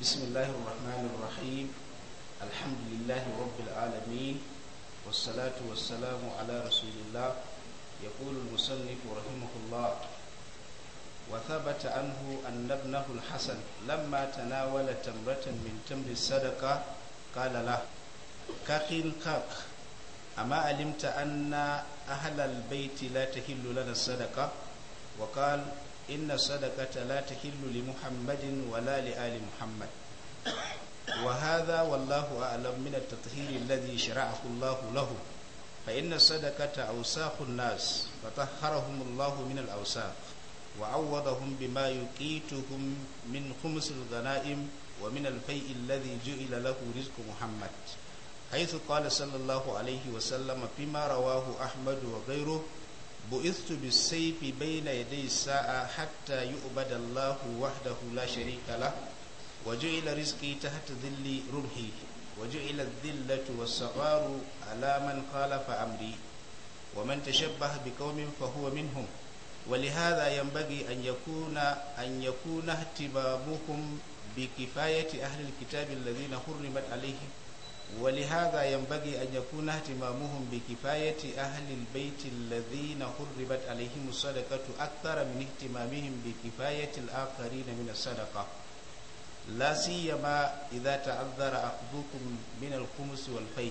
بسم الله الرحمن الرحيم الحمد لله رب العالمين والصلاة والسلام على رسول الله يقول المصنف رحمه الله وثبت عنه أن ابنه الحسن لما تناول تمرة من تمر الصدقة قال له كاخين كاك أما علمت أن أهل البيت لا تهل لنا الصدقة وقال inna sadakata la tahillu li muhammadin wala li ali muhammad wa hadha wallahu a'lam min at-tathhir alladhi shara'ahu Allah lahu fa inna sadaqata awsakhun nas fatahharahum Allah min al-awsakh وعوضهم بما يقيتهم من خمس الغنائم ومن الفيء الذي جعل له رزق محمد حيث قال صلى الله عليه وسلم فيما رواه أحمد وغيره bu'istu bisayfi bayna yaday sa'a hatta yu'bada Allahu wahdahu la sharika lah wa ju'ila rizqi tahta dhilli rumhi wa ju'ila adh-dhillatu was-sagharu ala man khalafa amri wa man tashabbaha biqaumin fa huwa minhum ولهذا ينبغي أن يكون أن يكون اهتمامهم بكفاية أهل الكتاب الذين حرمت عليهم ولهذا ينبغي أن يكون اهتمامهم بكفاية أهل البيت الذين حربت عليهم الصدقة أكثر من اهتمامهم بكفاية الآخرين من الصدقة لا سيما إذا تعذر أخذكم من الخمس والفي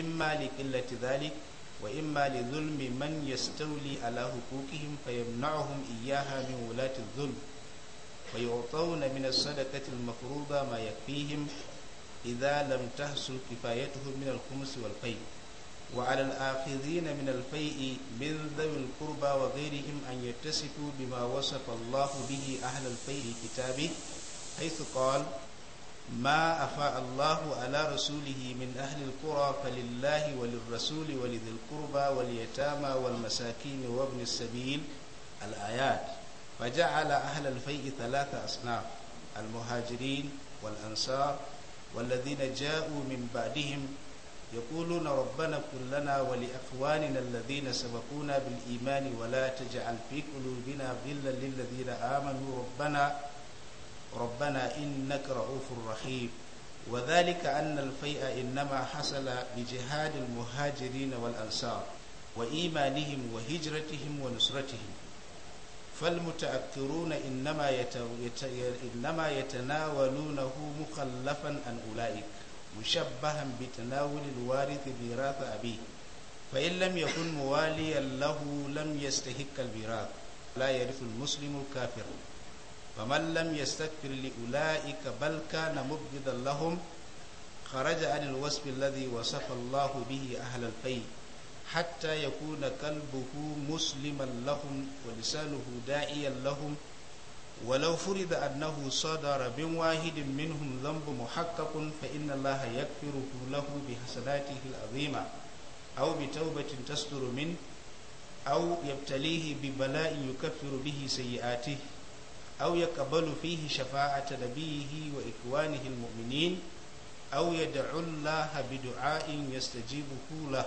إما لقلة ذلك وإما لظلم من يستولي على حقوقهم فيمنعهم إياها من ولاة الظلم ويعطون من الصدقة المفروضة ما يكفيهم idza lam tahsul kifayatuhu min al-khums wal fai wa 'ala al-akhidhin min al-fai'i min dhawi al-qurba wa ghayrihim an yattasifu bima wasafa Allah bihi ahla al-fai'i kitabih haythu qala ما أفاء الله على رسوله من أهل القرى فلله وللرسول ولذي القربى واليتامى والمساكين وابن السبيل الآيات فجعل أهل الفيء ثلاثة أصناف المهاجرين والأنصار والذين جاءوا من بعدهم يقولون ربنا كن لنا ولإخواننا الذين سبقونا بالإيمان ولا تجعل في قلوبنا غلا للذين آمنوا ربنا ربنا إنك رؤوف رحيم وذلك أن الفيء إنما حصل بجهاد المهاجرين والأنصار وإيمانهم وهجرتهم ونصرتهم فالمتأكرون إنما يت... يت... إنما يتناولونه مخلفا عن أولئك مشبها بتناول الوارث ميراث أبيه فإن لم يكن مواليا له لم يستحق الميراث لا يرث المسلم الكافر فمن لم يستكبر لأولئك بل كان مبغضا لهم خرج عن الوصف الذي وصف الله به أهل البيت hatta yakuna qalbuhu musliman lahum wa lisanuhu da'iyan lahum ولو فرض أنه صدر من واحد منهم ذنب محقق فإن الله يكفره له بحسناته العظيمة أو بتوبة تصدر منه أو يبتليه ببلاء يكفر به سيئاته أو يقبل فيه شفاعة نبيه وإخوانه المؤمنين أو يدعو الله بدعاء يستجيبه له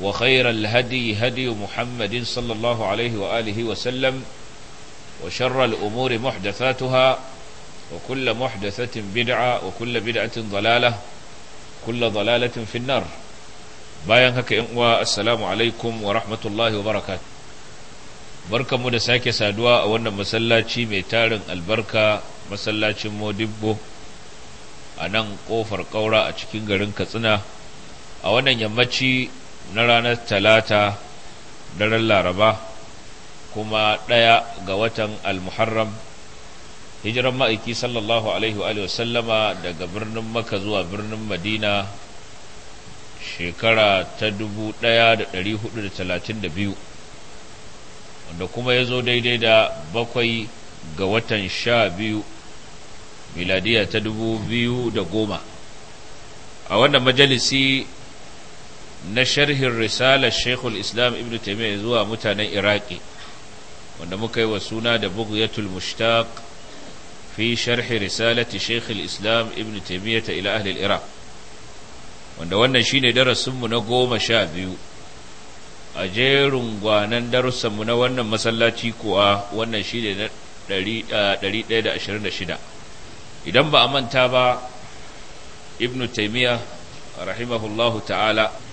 وخير الهدي هدي محمد صلى الله عليه وآله وسلم وشر الأمور محدثاتها وكل محدثة بدعة وكل بدعة ضلالة كل ضلالة في النار bayan haka ‘yan uwa assalamu alaikum wa rahmatullahi wa barakat barkanmu da sake saduwa a wannan masallaci mai tarin albarka masallacin modibbo a nan ƙofar ƙaura a cikin garin katsina a wannan yammaci na ranar talata daren laraba kuma ɗaya ga watan almuharram hijiran ma'aiki sallallahu alaihi wa sallama daga birnin maka zuwa birnin madina shekara ta da biyu, wanda kuma ya zo daidai da bakwai ga watan sha biyu miladiya ta dubu biyu da goma a wannan majalisi na sharhin risalar shekul islam ibn taimiyya zuwa mutanen iraki wanda muka yi wa suna da bughyatul mushtaq fi sharhi risalati shekul islam ibn taimiyya ta ila ahlil iraq wanda wannan shine darasinmu na goma sha biyu a jerin gwanan darussanmu na wannan masallaci kuwa wannan ne na 126 idan ba a manta ba ibn taimiyya rahimahullahu ta'ala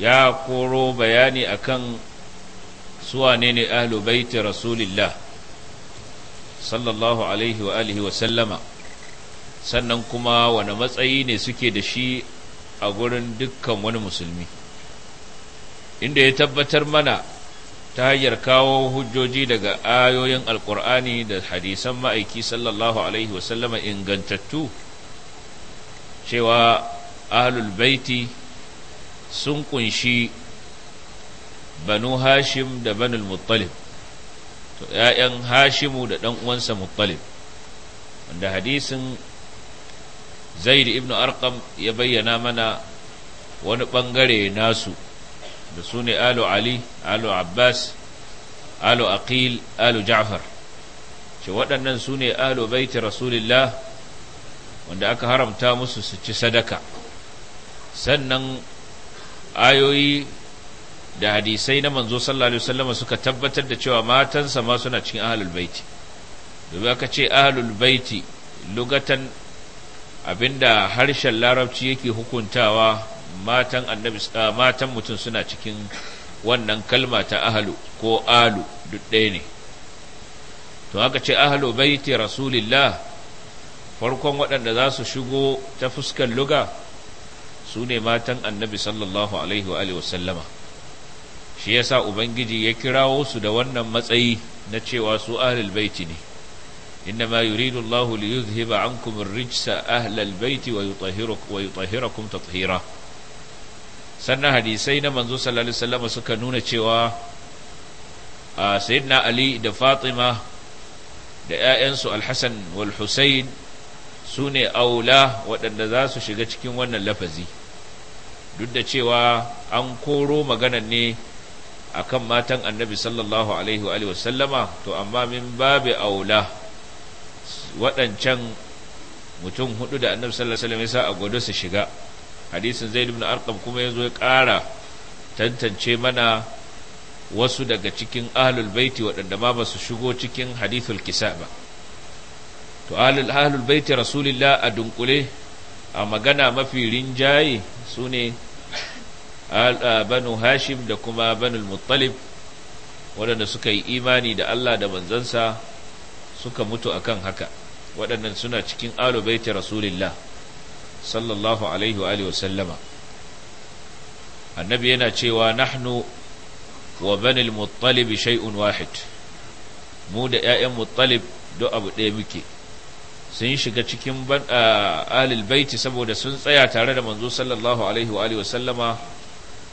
ya koro bayani akan suwane ne ahlu baiti rasulillah sallallahu alaihi wa alihi wa sallama sannan kuma wani matsayi ne suke da shi a gurin dukkan wani musulmi inda ya tabbatar mana ta hanyar kawo hujjoji daga ayoyin alkur'ani da hadisan ma'aiki sallallahu alaihi wa sallama ingantattu cewa ahlul baiti sun kunshi banu hashim da banul muttalib to ‘ya'yan hashimu da ɗan uwansa muttalib wanda hadisin zaid ibn arqam ya bayyana mana wani ɓangare nasu da su ne alu ali alu abbas alu aqil alu ja'far ce waɗannan su ne alu baiti rasulillah wanda aka haramta musu su ci sadaka sannan ayoyi da hadisai na manzo sallallahu alaihi wasallam suka tabbatar da cewa matansa ma suna cikin ahlul baiti domin aka ce ahlul baiti lugatan abinda harshen larabci yake hukuntawa matan annabi matan mutum suna cikin wannan kalma ta ahlu ko alu duk ɗaya ne to aka ce ahlu baiti rasulillah farkon waɗanda za su shigo ta fuskar luga su ne matan annabi sallallahu alaihi wa sallama shi yasa ubangiji ya kirawo su da wannan matsayi na cewa su ahlul baiti ne إنما يريد الله ليذهب عنكم الرجس أهل البيت ويطهرك ويطهركم تطهيرا sannan hadisai na manzo sallallahu alaihi wasallam suka nuna cewa a sayyidina ali da fatima da ƴaƴansu alhassan wal husayn su ne aula waɗanda za su shiga cikin wannan lafazi duk da cewa an koro maganan ne a kan matan annabi sallallahu alaihi wa sallama to amma min babi aula waɗancan mutum hudu da annabi sallallahu alaihi wasallam ya sa a gwado su shiga hadisin zai ibn arqam kuma yazo ya ƙara tantance mana wasu daga cikin ahlul baiti waɗanda ma ba su shigo cikin hadithul kisa ba to ahlul ahlul baiti rasulillah a dunkule a magana mafi rinjaye su ne banu hashim da kuma banul muttalib waɗanda suka yi imani da Allah da manzansa suka mutu akan haka waɗannan suna cikin alu baiti rasulillah sallallahu alaihi wa sallama annabi yana cewa nahnu wa banil muttalib shay'un wahid mu da 'ya'yan muttalib do abu ɗaya muke sun shiga cikin ahlul baiti saboda sun tsaya tare da manzo sallallahu alaihi wa sallama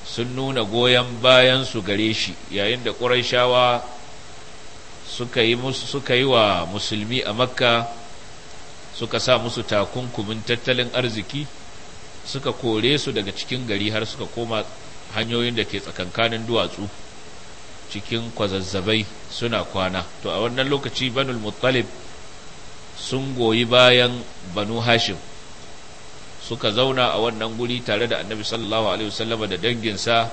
sun nuna goyon bayan su gare shi yayin da ƙuraishawa suka yi suka yi wa musulmi a makka suka sa musu takunkumin tattalin arziki suka kore su daga cikin gari har suka koma hanyoyin da ke tsakankanin duwatsu cikin kwazazzabai suna kwana to a wannan lokaci banul muttalib sun goyi bayan banu hashim suka zauna a wannan guri tare da annabi sallallahu alaihi wasallama da danginsa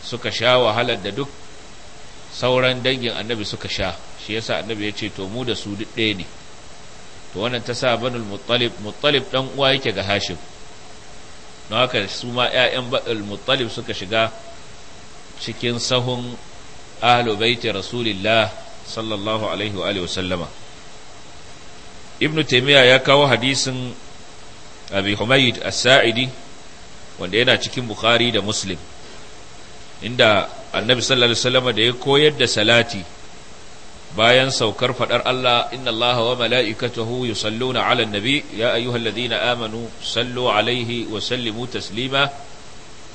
suka sha wahalar da duk sauran dangin annabi suka sha shi yasa annabi ya ce to mu da su duk ɗaya ne to wannan ta sa banul muttalib muttalib dan uwa yake ga hashim don haka su ma ƴaƴan banul muttalib suka shiga cikin sahun ahlu baiti rasulillah sallallahu alaihi wa sallama ibnu taymiya ya kawo hadisin abi humayd as-sa'idi wanda yana cikin bukhari da muslim inda annabi sallallahu alaihi wasallam da ya koyar da salati bayan saukar fadar Allah inna Allah wa mala'ikatahu yusalluna 'alan nabi ya ayyuhalladhina amanu sallu 'alaihi wa sallimu taslima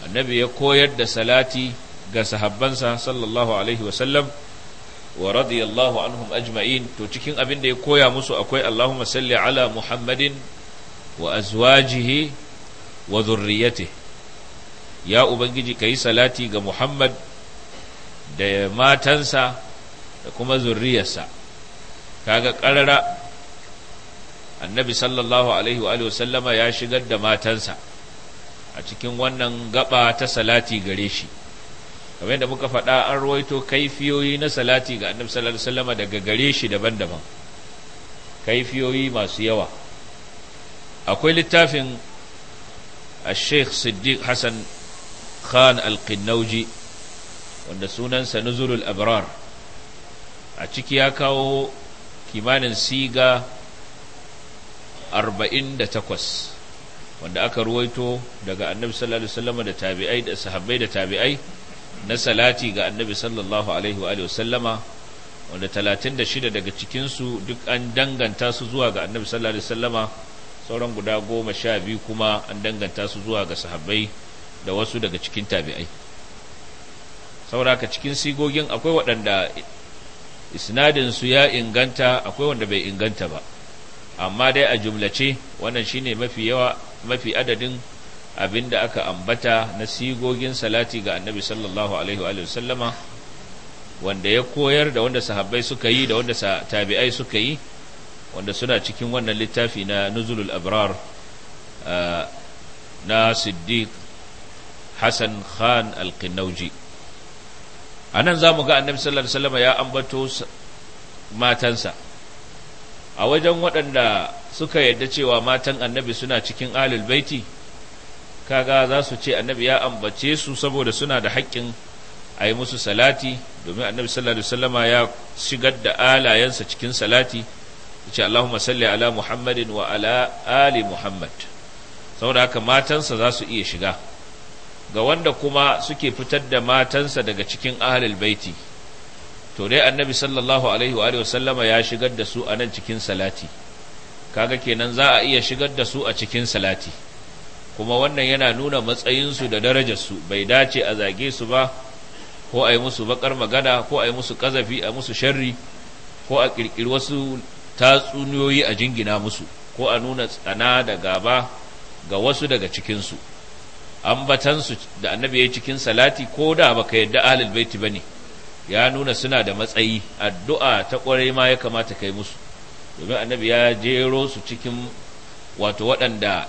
annabi ya koyar da salati ga sahabbansa sallallahu alaihi wasallam wa radiyallahu anhum ajma'in to cikin abin da ya koya musu akwai Allahumma salli ala Muhammadin wa azwajihi wa zurriyatihi ya ubangiji kayi salati ga Muhammad da matansa da kuma zurriyarsa kaga ƙarara annabi sallallahu alaihi wa sallama ya shigar da matansa a cikin wannan gaba ta salati gare shi kamar da muka faɗa an ruwaito kaifiyoyi na salati ga annabi sallallahu alaihi wa sallama daga gare shi daban-daban kaifiyoyi masu yawa akwai littafin a sheikh siddiq hassan khan al-qinnauji wanda sunansa nuzulul abrar a ciki ya kawo kimanin siga 48 wanda aka ruwaito daga annabi sallallahu alaihi wasallam da tabi'ai da sahabbai da tabi'ai na salati ga annabi sallallahu alaihi wa alihi wasallama wanda 36 daga cikinsu duk an danganta su zuwa ga annabi sallallahu alaihi wasallama sauran guda goma sha biyu kuma an danganta su zuwa ga sahabbai da wasu daga cikin tabi'ai sauraka cikin sigogin akwai waɗanda isnadinsu ya inganta akwai wanda bai inganta ba amma dai a jumlace wannan shine mafi yawa mafi adadin abin da aka ambata na sigogin salati ga annabi sallallahu alaihi wanda ya koyar da wanda sahabbai suka yi da wanda tabi'ai suka yi wanda suna cikin wannan littafi na nuzulul abrar na siddiq hassan khan alkinauji a nan za mu ga annabi sallallahu alaihi wasallam ya ambato matansa a wajen waɗanda suka yadda cewa matan annabi suna cikin alul baiti kaga za su ce annabi ya ambace su saboda suna da haƙƙin a yi musu salati domin annabi sallallahu alaihi wasallama ya shigar da alayensa cikin salati yace Allahumma salli ala Muhammadin wa ala ali Muhammad saboda haka matansa za su iya shiga ga wanda kuma suke fitar da matansa daga cikin ahlul baiti to dai annabi sallallahu alaihi wa sallama ya shigar da su a nan cikin salati kaga kenan za a iya shigar da su a cikin salati kuma wannan yana nuna matsayinsu da darajarsu bai dace a zage su ba ko a yi musu bakar magana ko a yi musu kazafi a musu sharri ko a kirkiri wasu tatsuniyoyi a jingina musu ko a nuna tsana da gaba ga wasu daga cikinsu ambatansu da annabi ya cikin salati ko da baka yadda ahlul baiti ba ne. ya nuna suna da matsayi addu'a ta kwarai ma ya kamata kai musu domin annabi ya jero su cikin wato waɗanda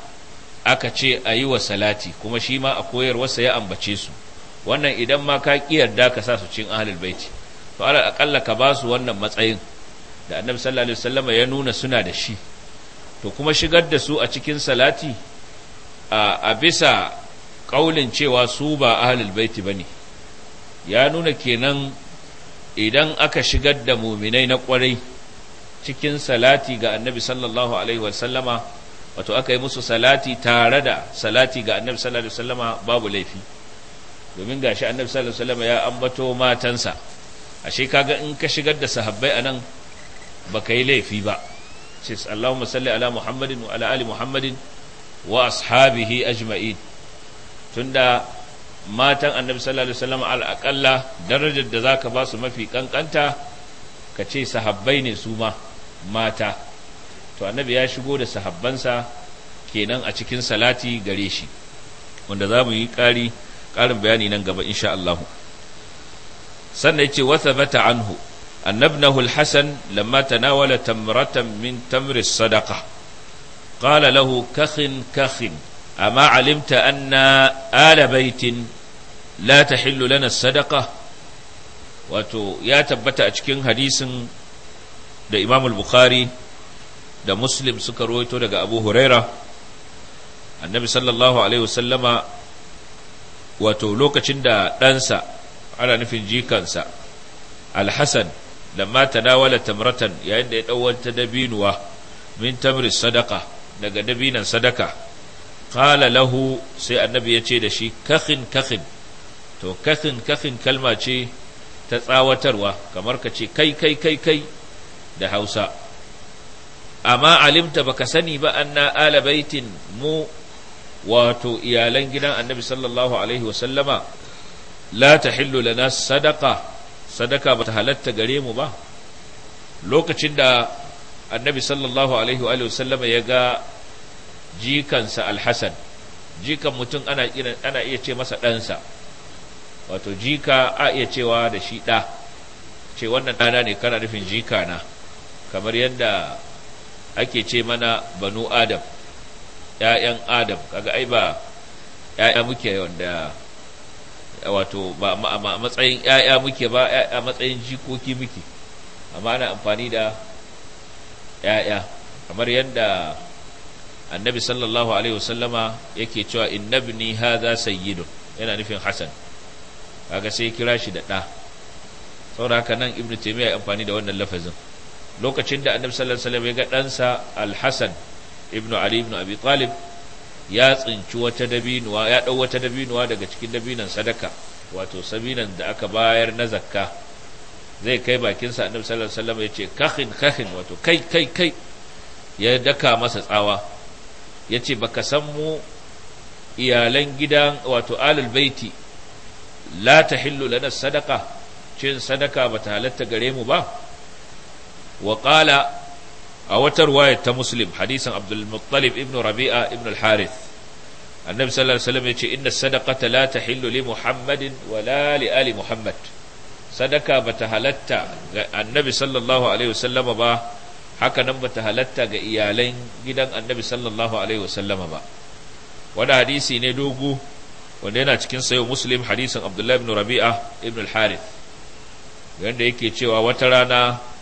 aka ce a yi wa salati kuma shi ma a koyarwarsa ya ambace su wannan idan ma ka ƙi yarda ka sa su cin ahlul baiti to alal aƙalla ka ba su wannan matsayin da annabi sallallahu alaihi wasallama ya nuna suna da shi to kuma shigar da su a cikin salati a bisa kaulin cewa su ba ahlul baiti bane ya nuna kenan idan aka shigar da muminai na kwarai cikin salati ga annabi sallallahu alaihi wasallama wato aka yi musu salati tare da salati ga annabi sallallahu alaihi wasallama babu laifi domin gashi annabi sallallahu alaihi wasallama ya ambato matansa ashe kaga in ka shigar da sahabbai anan baka yi laifi ba ce Allahumma salli ala Muhammadin wa ala ali Muhammadin wa ashabihi ajma'in tunda matan annabi sallallahu alaihi wasallam al'aqalla darajar da zaka ba su mafi kankanta ka ce sahabbai ne su ma mata to annabi ya shigo da sahabbansa kenan a cikin salati gare shi wanda za mu yi ƙari ƙarin bayani nan gaba insha Allah sannan ya ce bata anhu أن ابنه الحسن لما تناول تمرة من تمر الصدقة قال له كخ كخ أما علمت أن آل بيت لا تحل لنا الصدقة wato ya tabbata a cikin hadisin da imam bukhari da muslim suka rawaito daga abu huraira annabi sallallahu alaihi wasallama wato lokacin da ɗansa ana nufin jikansa alhassan lamma tadawala tamratan yayin da ya dau wata dabinuwa min tamri sadaka daga dabinan sadaka qala lahu sai annabi ya ce da shi kakhin kakhin to kakhin kakhin kalma ce ta tsawatarwa kamar ka ce kai kai kai kai da Hausa amma alimta baka sani ba anna ala baitin mu wato iyalan gidan annabi sallallahu alaihi wasallama la tahillu lana sadaqa sadaka bata halatta gare mu ba lokacin da annabi sallallahu alaihi wa sallam ya ga jikansa alhassan jikan mutum ana, ana iya ce masa ɗansa wato jika a iya cewa da shi ɗa ce wannan ɗana ne kana nufin jika na kamar yadda ake ce mana banu adam ‘ya'yan adam kaga ai ba ‘ya'ya muke wanda wato ba a matsayin ‘ya'ya muke ba a matsayin jikoki muke amma ana amfani da ‘ya'ya kamar yadda annabi sallallahu alaihi wasallama yake cewa innabni hadha sayyidun yana nufin hassan kaga sai kira shi da ɗa saboda haka nan ibnu taymiya ya amfani da wannan lafazin lokacin da annabi sallallahu alaihi wasallam ya ga ɗansa al-hasan ibnu ali ibnu abi talib ya tsinci wata dabinuwa ya ɗau wata dabinuwa daga cikin dabinan sadaka wato sabinan da aka bayar na zakka zai kai bakinsa annabi sallallahu alaihi wasallam ya ce kahin wato kai kai kai ya daka masa tsawa yace baka san mu iyalan gidan wato alul baiti la tahillu lana sadaka cin sadaka bata halatta gare mu ba wa qala a wata ruwaya ta muslim hadisin abdulmuttalib ibn rabi'a ibn al-harith annabi sallallahu alaihi wasallam yace inna sadaqata la tahillu li muhammadin wa la li ali muhammad sadaka bata halatta ga annabi sallallahu alaihi wasallam ba haka nan bata halatta ga iyalan gidan annabi sallallahu alaihi wasallam ba wani hadisi ne dogo wanda yana cikin sayo muslim hadisin abdullahi ibn rabi'a ibn al-harith wanda yake cewa wata rana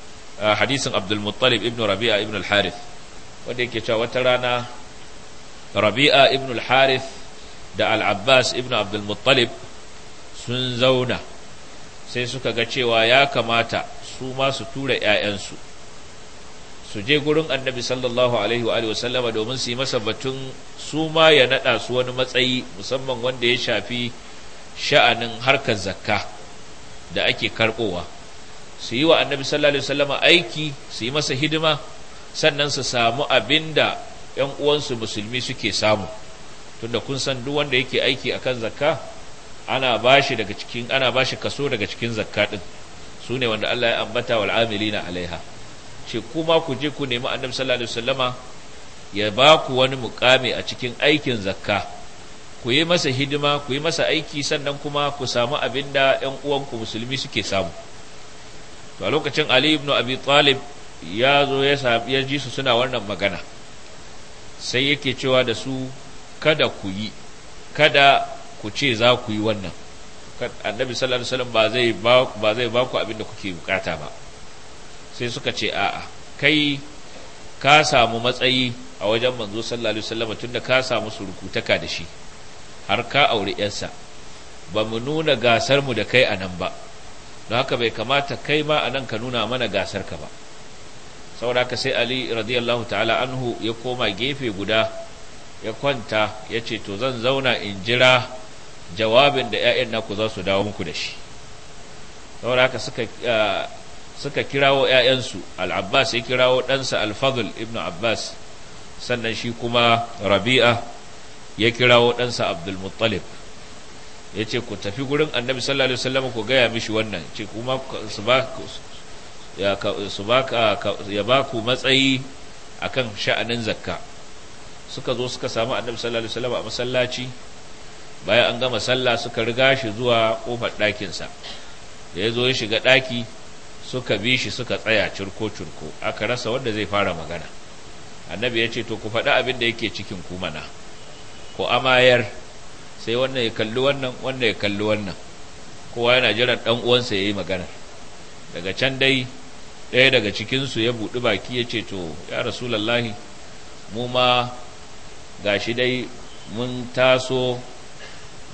hadisin abdulmuttalib ibn rabi'a ibn al-harith wanda yake cewa wata rana rabi'a ibn al-harith da al-abbas ibn abdulmuttalib sun zauna sai suka ga cewa ya kamata su ma su tura 'ya'yansu su je gurin annabi sallallahu alaihi wa sallama domin su yi masa batun su ma ya naɗa su wani matsayi musamman wanda ya shafi sha'anin harkar zakka da ake karɓowa su yi wa annabi sallallahu alaihi wasallama aiki su yi masa hidima sannan su samu abinda yan uwansu musulmi suke samu tunda kun san duk wanda yake aiki akan zakka ana bashi daga cikin ana bashi kaso daga cikin zakka din su ne wanda Allah ya ambata wal amilina alaiha ce kuma ku je ku nemi annabi sallallahu alaihi wasallama ya ba ku wani mukami a cikin aikin zakka ku yi masa hidima ku yi masa aiki sannan kuma ku samu abinda da 'yan uwanku musulmi suke samu to a lokacin ali ibn abi talib ya zo ya ji su suna wannan magana sai yake cewa da su kada ku yi kada ku ce za ku yi wannan annabi sallallahu alaihi wasallam ba zai ba zai ba ku abin da kuke bukata ba sai suka ce a'a kai ka samu matsayi a wajen manzo sallallahu alaihi wasallam tunda ka samu surukutaka da shi har ka auri yarsa ba mu nuna gasar mu da kai a nan ba don haka bai kamata kai ma a nan ka nuna mana gasar ka ba saboda haka sai ali radiyallahu ta'ala anhu ya koma gefe guda ya kwanta ya ce to zan zauna in jira jawabin da 'ya'yan naku za su dawo muku da shi saboda haka suka suka kirawo 'ya'yansu al'abbas ya kirawo ɗansa alfadul ibn abbas sannan shi kuma rabi'a ya kirawo ɗansa abdulmuttalib ya ce ku tafi gurin annabi sallallahu alaihi wasallam ku gaya mishi wannan ce kuma su ba ya ba ku matsayi akan sha'anin zakka suka zo suka samu annabi sallallahu alaihi wasallam a masallaci bayan an gama sallah suka riga shi zuwa kofar ɗakinsa da ya zo ya shiga ɗaki suka bi shi suka tsaya curko-curko aka rasa wanda zai fara magana annabi ya ce to ku faɗi abin da yake cikin ku mana ku amayar sai wannan ya kalli wannan wannan ya kalli wannan kowa yana jiran dan uwansa yayi magana daga can dai ɗaya daga cikin su ya buɗi baki ya ce to ya rasulullahi mu ma gashi dai mun taso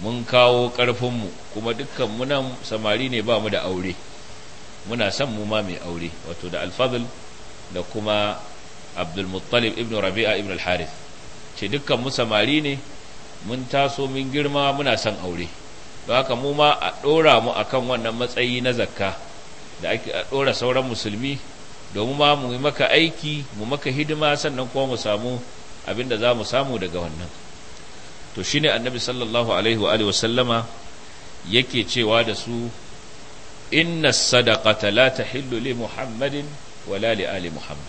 mun kawo ƙarfinmu kuma dukkan nan samari ne ba mu da aure muna son mu ma mai aure wato da alfadl da kuma abdulmuttalib ibn rabi'a ibn al-harith ce dukkan mu samari ne mun taso mun girma muna san aure don haka mu ma a ɗora mu akan wannan matsayi na zakka da ake a ɗora sauran musulmi domin ma mu yi maka aiki mu maka hidima sannan kuma mu samu abinda da za mu samu daga wannan to shine annabi sallallahu alaihi wa alihi wasallama yake cewa da su inna sadaqata la tahillu li muhammadin wala li ali muhammad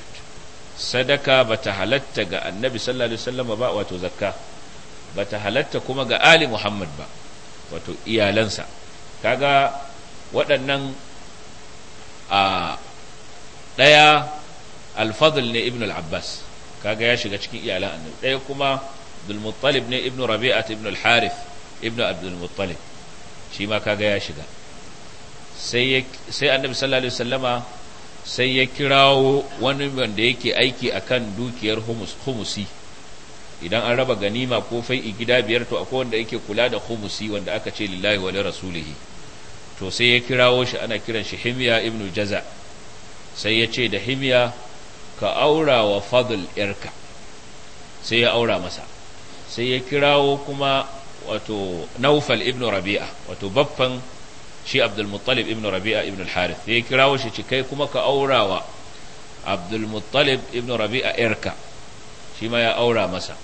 sadaka bata halatta ga annabi sallallahu alaihi wasallama ba wato zakka ba ta halatta kuma ga ali muhammad ba wato iyalansa kaga waɗannan a ɗaya alfadl ne ibn al-abbas kaga ya shiga cikin iyalan annabi ɗaya kuma abdulmuttalib ne ibn rabi'at ibn al-harith ibn abdulmuttalib shi ma kaga ya shiga sai annabi sallallahu alaihi wasallama sai ya kirawo wani wanda yake aiki akan dukiyar humusi idan an raba ganima ko fai'i gida biyar to akwai wanda yake kula da khumusi wanda aka ce lillahi wa rasulihi to sai ya kirawo shi ana kiran shi himiya ibnu jaza sai ya ce da himiya ka aura wa fadl irka sai ya aura masa sai ya kirawo kuma wato naufal ibnu rabi'a wato baffan shi Abdul abdulmuttalib ibnu rabi'a ibnu al-harith sai ya kirawo shi ci kai kuma ka aura wa Abdul abdulmuttalib ibnu rabi'a irka shi ma ya aura masa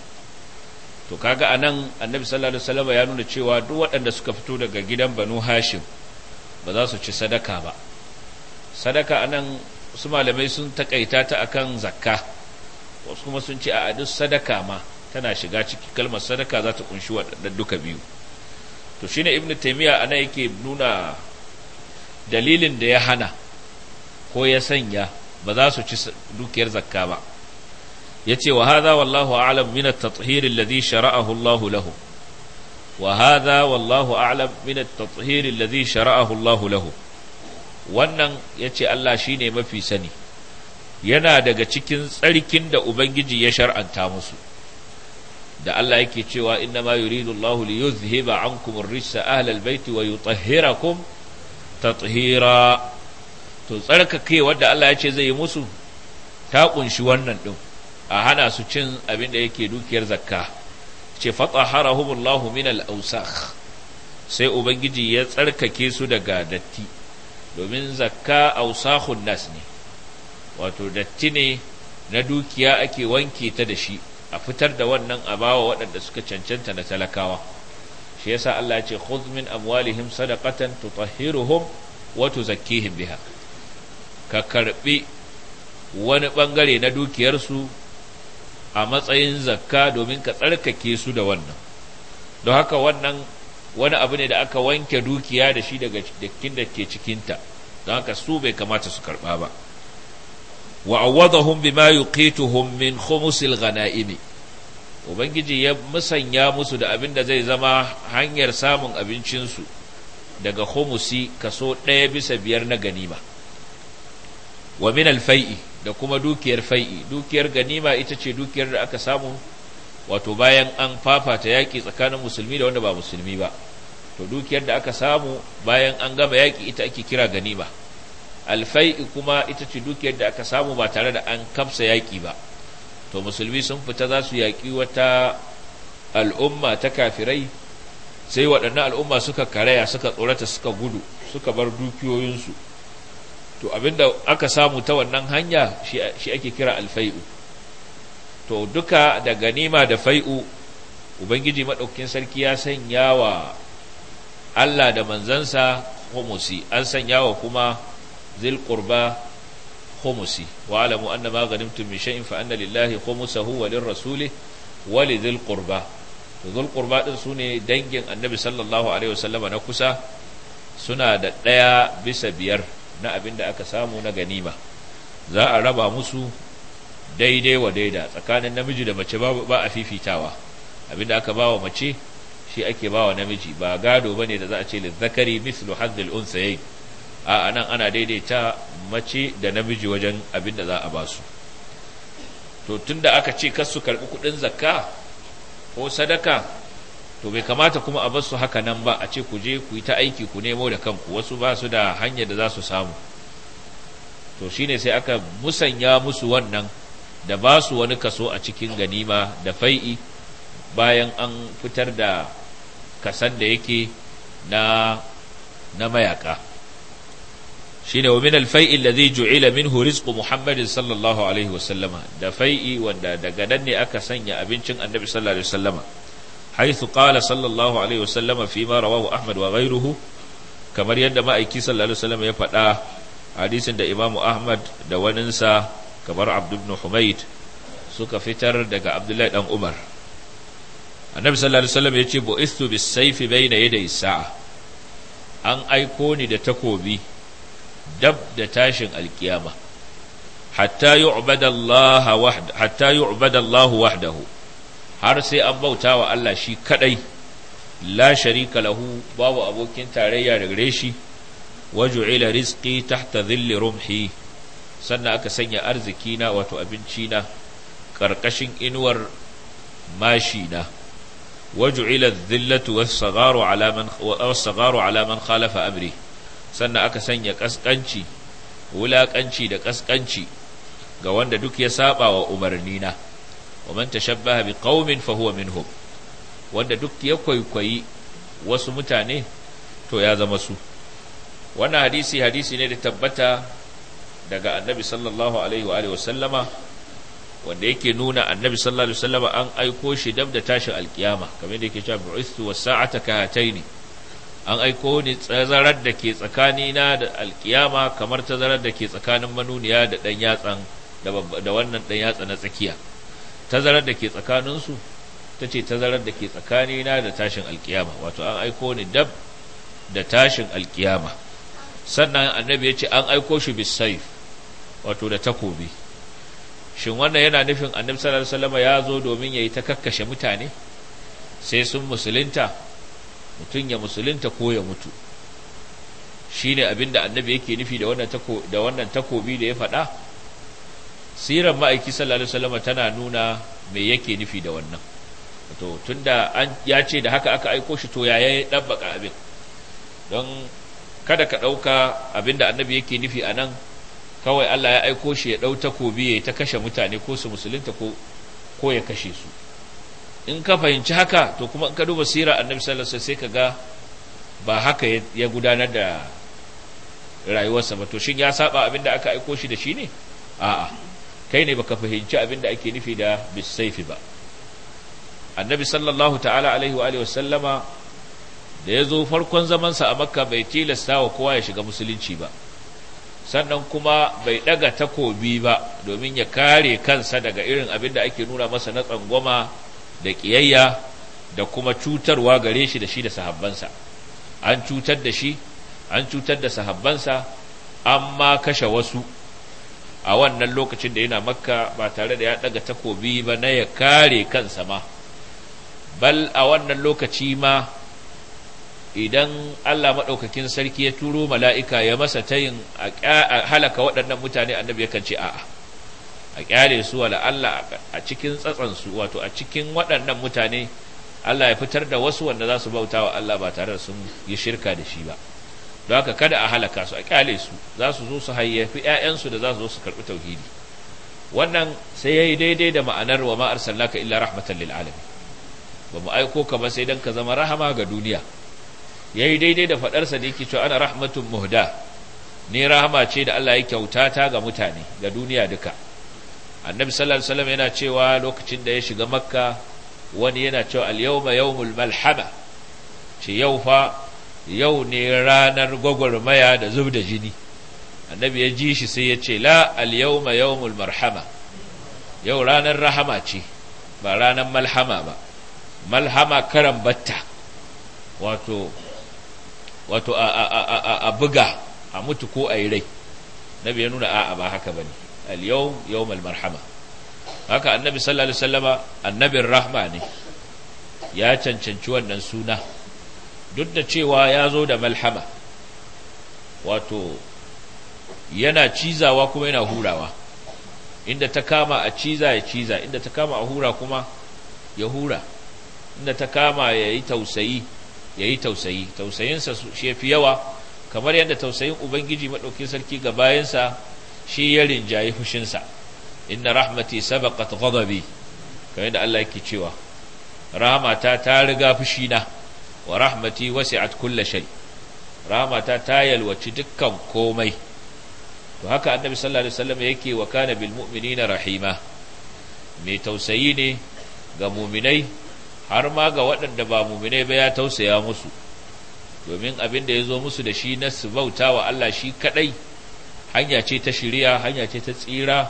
to kaga anan annabi sallallahu alaihi wasallam ya nuna cewa duk waɗanda suka fito daga gidan banu hashim ba za su ci sadaka ba sadaka anan su malamai sun takaita ta akan zakka wasu kuma sun ce a duk sadaka ma tana shiga ciki kalmar sadaka za ta kunshi waɗanda duka biyu to shine ibn taymiya anan yake nuna dalilin da ya hana ko ya sanya ba za su ci dukiyar zakka ba yace wa hadha wallahu a'lam min at-tathhir alladhi shara'ahu Allah lahu wa hadha wallahu a'lam min at-tathhir alladhi shara'ahu Allah lahu wannan yace Allah shine mafi sani yana daga cikin tsarkin da ubangiji ya shar'anta musu da Allah yake cewa inna ma yuridu Allah li yuzhiba ankum ar-rijsa ahla al-bayti wa yutahhirakum tathira to tsarkake wanda Allah ya ce zai yi musu ta kunshi wannan din a hana su cin abin da yake dukiyar zakka ce harahumullahu min al-awsakh sai ubangiji ya tsarkake su daga datti domin zakka ausakhun nas ne wato datti ne na dukiya ake wanke ta da shi a fitar da wannan abawa waɗanda suka cancanta na talakawa shi yasa Allah ya ce khudh min amwalihim sadaqatan tutahhiruhum wa tuzakkihim biha ka karbi wani bangare na dukiyarsu a matsayin zakka domin ka tsarkake su da wannan don haka wannan wani abu ne da aka wanke dukiya da shi daga dakin da ke cikinta don haka su bai kamata su karɓa ba wa awwadahum bima yuqituhum min khumusil ghanaim ubangiji ya musanya musu da abin da zai zama hanyar samun abincin su daga khumusi kaso ɗaya bisa biyar na ganima wa min alfai'i da kuma dukiyar fai'i dukiyar ganima ita ce dukiyar da aka samu wato bayan an fafata yaƙi tsakanin musulmi da wanda ba musulmi ba to dukiyar da aka samu bayan an gama yaƙi ita ake kira ganima alfai'i kuma ita ce dukiyar da aka samu ba tare da an kamsa yaƙi ba to musulmi sun fita za su yaƙi wata al'umma ta kafirai sai waɗannan al'umma suka karaya suka tsorata suka gudu suka bar dukiyoyinsu to abinda aka samu ta wannan hanya shi ake kira alfai'u to duka da ganima da fai'u ubangiji maɗaukin sarki ya sanya wa Allah da manzansa humusi an sanya wa kuma zil qurba humusi wa alamu anna ma ghanimtum min shay'in fa anna lillahi khumsahu wa lirrasuli wa lidhil qurba dhul qurba din sune dangin annabi sallallahu alaihi wasallama na kusa suna da ɗaya bisa biyar na abin da aka samu na ganima za a raba musu daidai wa daida tsakanin namiji da mace ba a fifitawa abin da aka ba wa mace shi ake ba wa namiji ba gado ba ne da za a ce lizzakari mislu Unsa unsayayn a nan ana daidaita mace da namiji wajen abin da za a ba su to tunda aka ce kar su karɓi kuɗin zakka ko sadaka to bai kamata kuma a basu haka nan ba a ce ku je ku yi ta aiki ku nemo da kanku wasu ba su da hanyar da za su samu to shine sai aka musanya musu wannan da ba su wani kaso a cikin ganima da fai'i bayan an fitar da kasan da yake na na mayaka shine wa min alfai'i alladhi ju'ila minhu rizqu muhammad sallallahu alaihi wasallama da fai'i wanda daga nan ne aka sanya abincin annabi sallallahu alaihi wasallama haythu qala sallallahu alaihi wasallam fi ma rawahu ahmad wa gairuhu kamar yadda ma'aiki sallallahu alaihi wasallam ya faɗa hadisin da Imam ahmad da waninsa kamar abdu ibn suka fitar daga abdullahi dan umar annabi sallallahu alaihi wasallam ya ce bu'istu fi baina bayna yaday sa'a an aiko ni da takobi dab da tashin alkiyama hatta yu'badallaha wahda hatta yu'badallahi wahdahu har sai an bauta wa Allah shi kadai la sharika lahu babu abokin tarayya da gare shi waju'ila rizqi tahta dhilli rumhi sannan aka sanya arziki na wato abinci na karkashin inuwar mashi na waju'ila dhillatu was-sagharu ala man was ala man khalafa amri sannan aka sanya kaskanci wulakanci da kaskanci ga wanda duk ya saba wa umarnina na wa man tashabbaha bi qaumin fa huwa minhum wanda duk ya kwaikwayi wasu mutane to ya zama su wannan hadisi hadisi ne da tabbata daga annabi sallallahu alaihi wa alihi sallama wanda yake nuna annabi sallallahu alaihi sallama an aiko shi dab da tashin alkiyama kamar da yake cewa bu'ithu was-sa'ata kahataini an aiko ni tazarar da ke tsakanina da alkiyama kamar tazarar da ke tsakanin manuniya da dan yatsan da wannan dan yatsa na tsakiya tazarar da ke tsakaninsu ta ce tazarar da ke tsakanina da tashin alkiyama wato an aiko ni dab da tashin alkiyama sannan annabi ya ce an aiko shi bisaif wato da takobi shin wannan yana nufin annabi sallallahu alaihi wasallam ya zo domin yayi ta kakkashe mutane sai sun musulunta mutum ya musulunta ko ya mutu shine abinda annabi yake nufi da wannan takobi da ya faɗa sirar ma'aiki sallallahu alaihi wasallam tana nuna me yake nufi da wannan to tunda an ya ce da haka aka aiko shi to ya ya dabbaka abin don kada ka ɗauka abin da annabi yake nufi a nan kawai Allah ya aiko shi ya ɗauta takobi ya ta kashe mutane ko su musulunta ko ya kashe su in ka fahimci haka to kuma in ka duba sira annabi sallallahu alaihi sai ka ga ba haka ya gudanar da rayuwarsa ba to shin ya saba abin da aka aiko shi da shi ne a'a kai ne baka fahimci abin da ake nufi da bisaifi ba annabi sallallahu ta'ala alaihi wa sallama da ya zo farkon zamansa a makka bai tilasta wa kowa ya shiga musulunci ba sannan kuma bai daga takobi ba domin ya kare kansa daga irin abin da ake nuna masa na tsangwama da ƙiyayya da kuma cutarwa gare shi da shi da sahabbansa an cutar da shi an cutar da sahabbansa amma kashe wasu a wannan lokacin da yana makka ba tare da ya daga takobi ba na ya kare kansa ma bal a wannan lokaci ma idan Allah maɗaukakin sarki ya turo mala'ika ya masa tayin a halaka waɗannan mutane annabi ya ce a'a a kyale su wala Allah a cikin tsatsansu wato a cikin waɗannan mutane Allah ya fitar da wasu wanda za su bauta wa Allah ba tare da sun yi shirka da shi ba. don haka kada a halaka su a kyale su za su zo su hayyafi ƴaƴansu da za su zo su karɓi tauhidi wannan sai yi daidai da ma'anar wa ma arsalnaka illa rahmatan lil alamin ba mu aiko ka ba sai dan ka zama rahama ga duniya yayi daidai da fadar sa da yake cewa ana rahmatun muhda ni rahama ce da Allah ya kyauta ta ga mutane ga duniya duka annabi sallallahu alaihi wasallam yana cewa lokacin da ya shiga makka wani yana cewa al yawma yawmul malhama ce yau fa yau ne ranar gwagwarmaya da zub da jini annabi ya ji shi sai ya ce la al-yawma yawmul marhama yau ranar rahama ce ba ranar malhama ba malhama karan batta wato wato a, a, a, a, a buga a mutu ko a yi rai nabi ya nuna a'a ba haka bane al-yawm yawmul marhama haka annabi sallallahu alaihi wasallama annabin rahma ne ya cancanci wannan suna duk da cewa ya zo da malhama wato yana cizawa kuma yana hurawa inda ta kama a ciza ya ciza inda ta kama a hura kuma ya hura inda ta kama ya yi tausayi ya yi tausayi tausayinsa shi fi yawa kamar yadda tausayin ubangiji maɗaukin sarki ga bayansa shi ya rinjaye fushinsa inna rahmati sabaqat ghadabi kamar yadda Allah yake cewa rahmata ta riga fushina wa rahmati wasi'at kulla shay rahmata ta yalwaci dukkan komai to haka annabi sallallahu alaihi wasallam yake wa kana bil mu'minina rahima me tausayi ne ga muminai har ma ga waɗanda ba muminai ba ya tausaya musu domin abin da ya zo musu da shi na su bauta wa Allah shi kadai hanya ce ta shiriya hanya ce ta tsira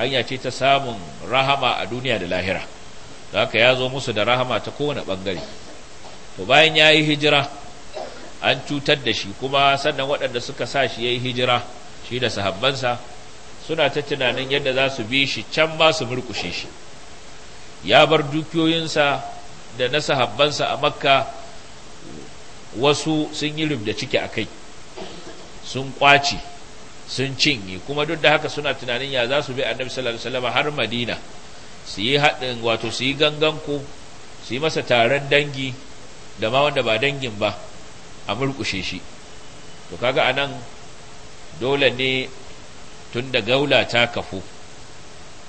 hanya ce ta samun rahama a duniya da lahira haka ya zo musu da rahama ta kowane bangare to bayan ya yi hijira an cutar da shi kuma sannan waɗanda suka sa shi ya yi hijira shi da sahabbansa suna ta tunanin yadda za su bi shi can ma su murkushe shi ya bar dukiyoyinsa da na sahabbansa a makka wasu sun yi rubda ciki a kai sun ƙwace sun cinye kuma duk da haka suna tunanin ya za su bi annabi sallallahu alaihi wasallam har madina su yi haɗin wato su yi gangan ko su yi masa taron dangi da ma wanda ba dangin ba a murkushe shi to kaga anan dole ne tun da gaula ta kafu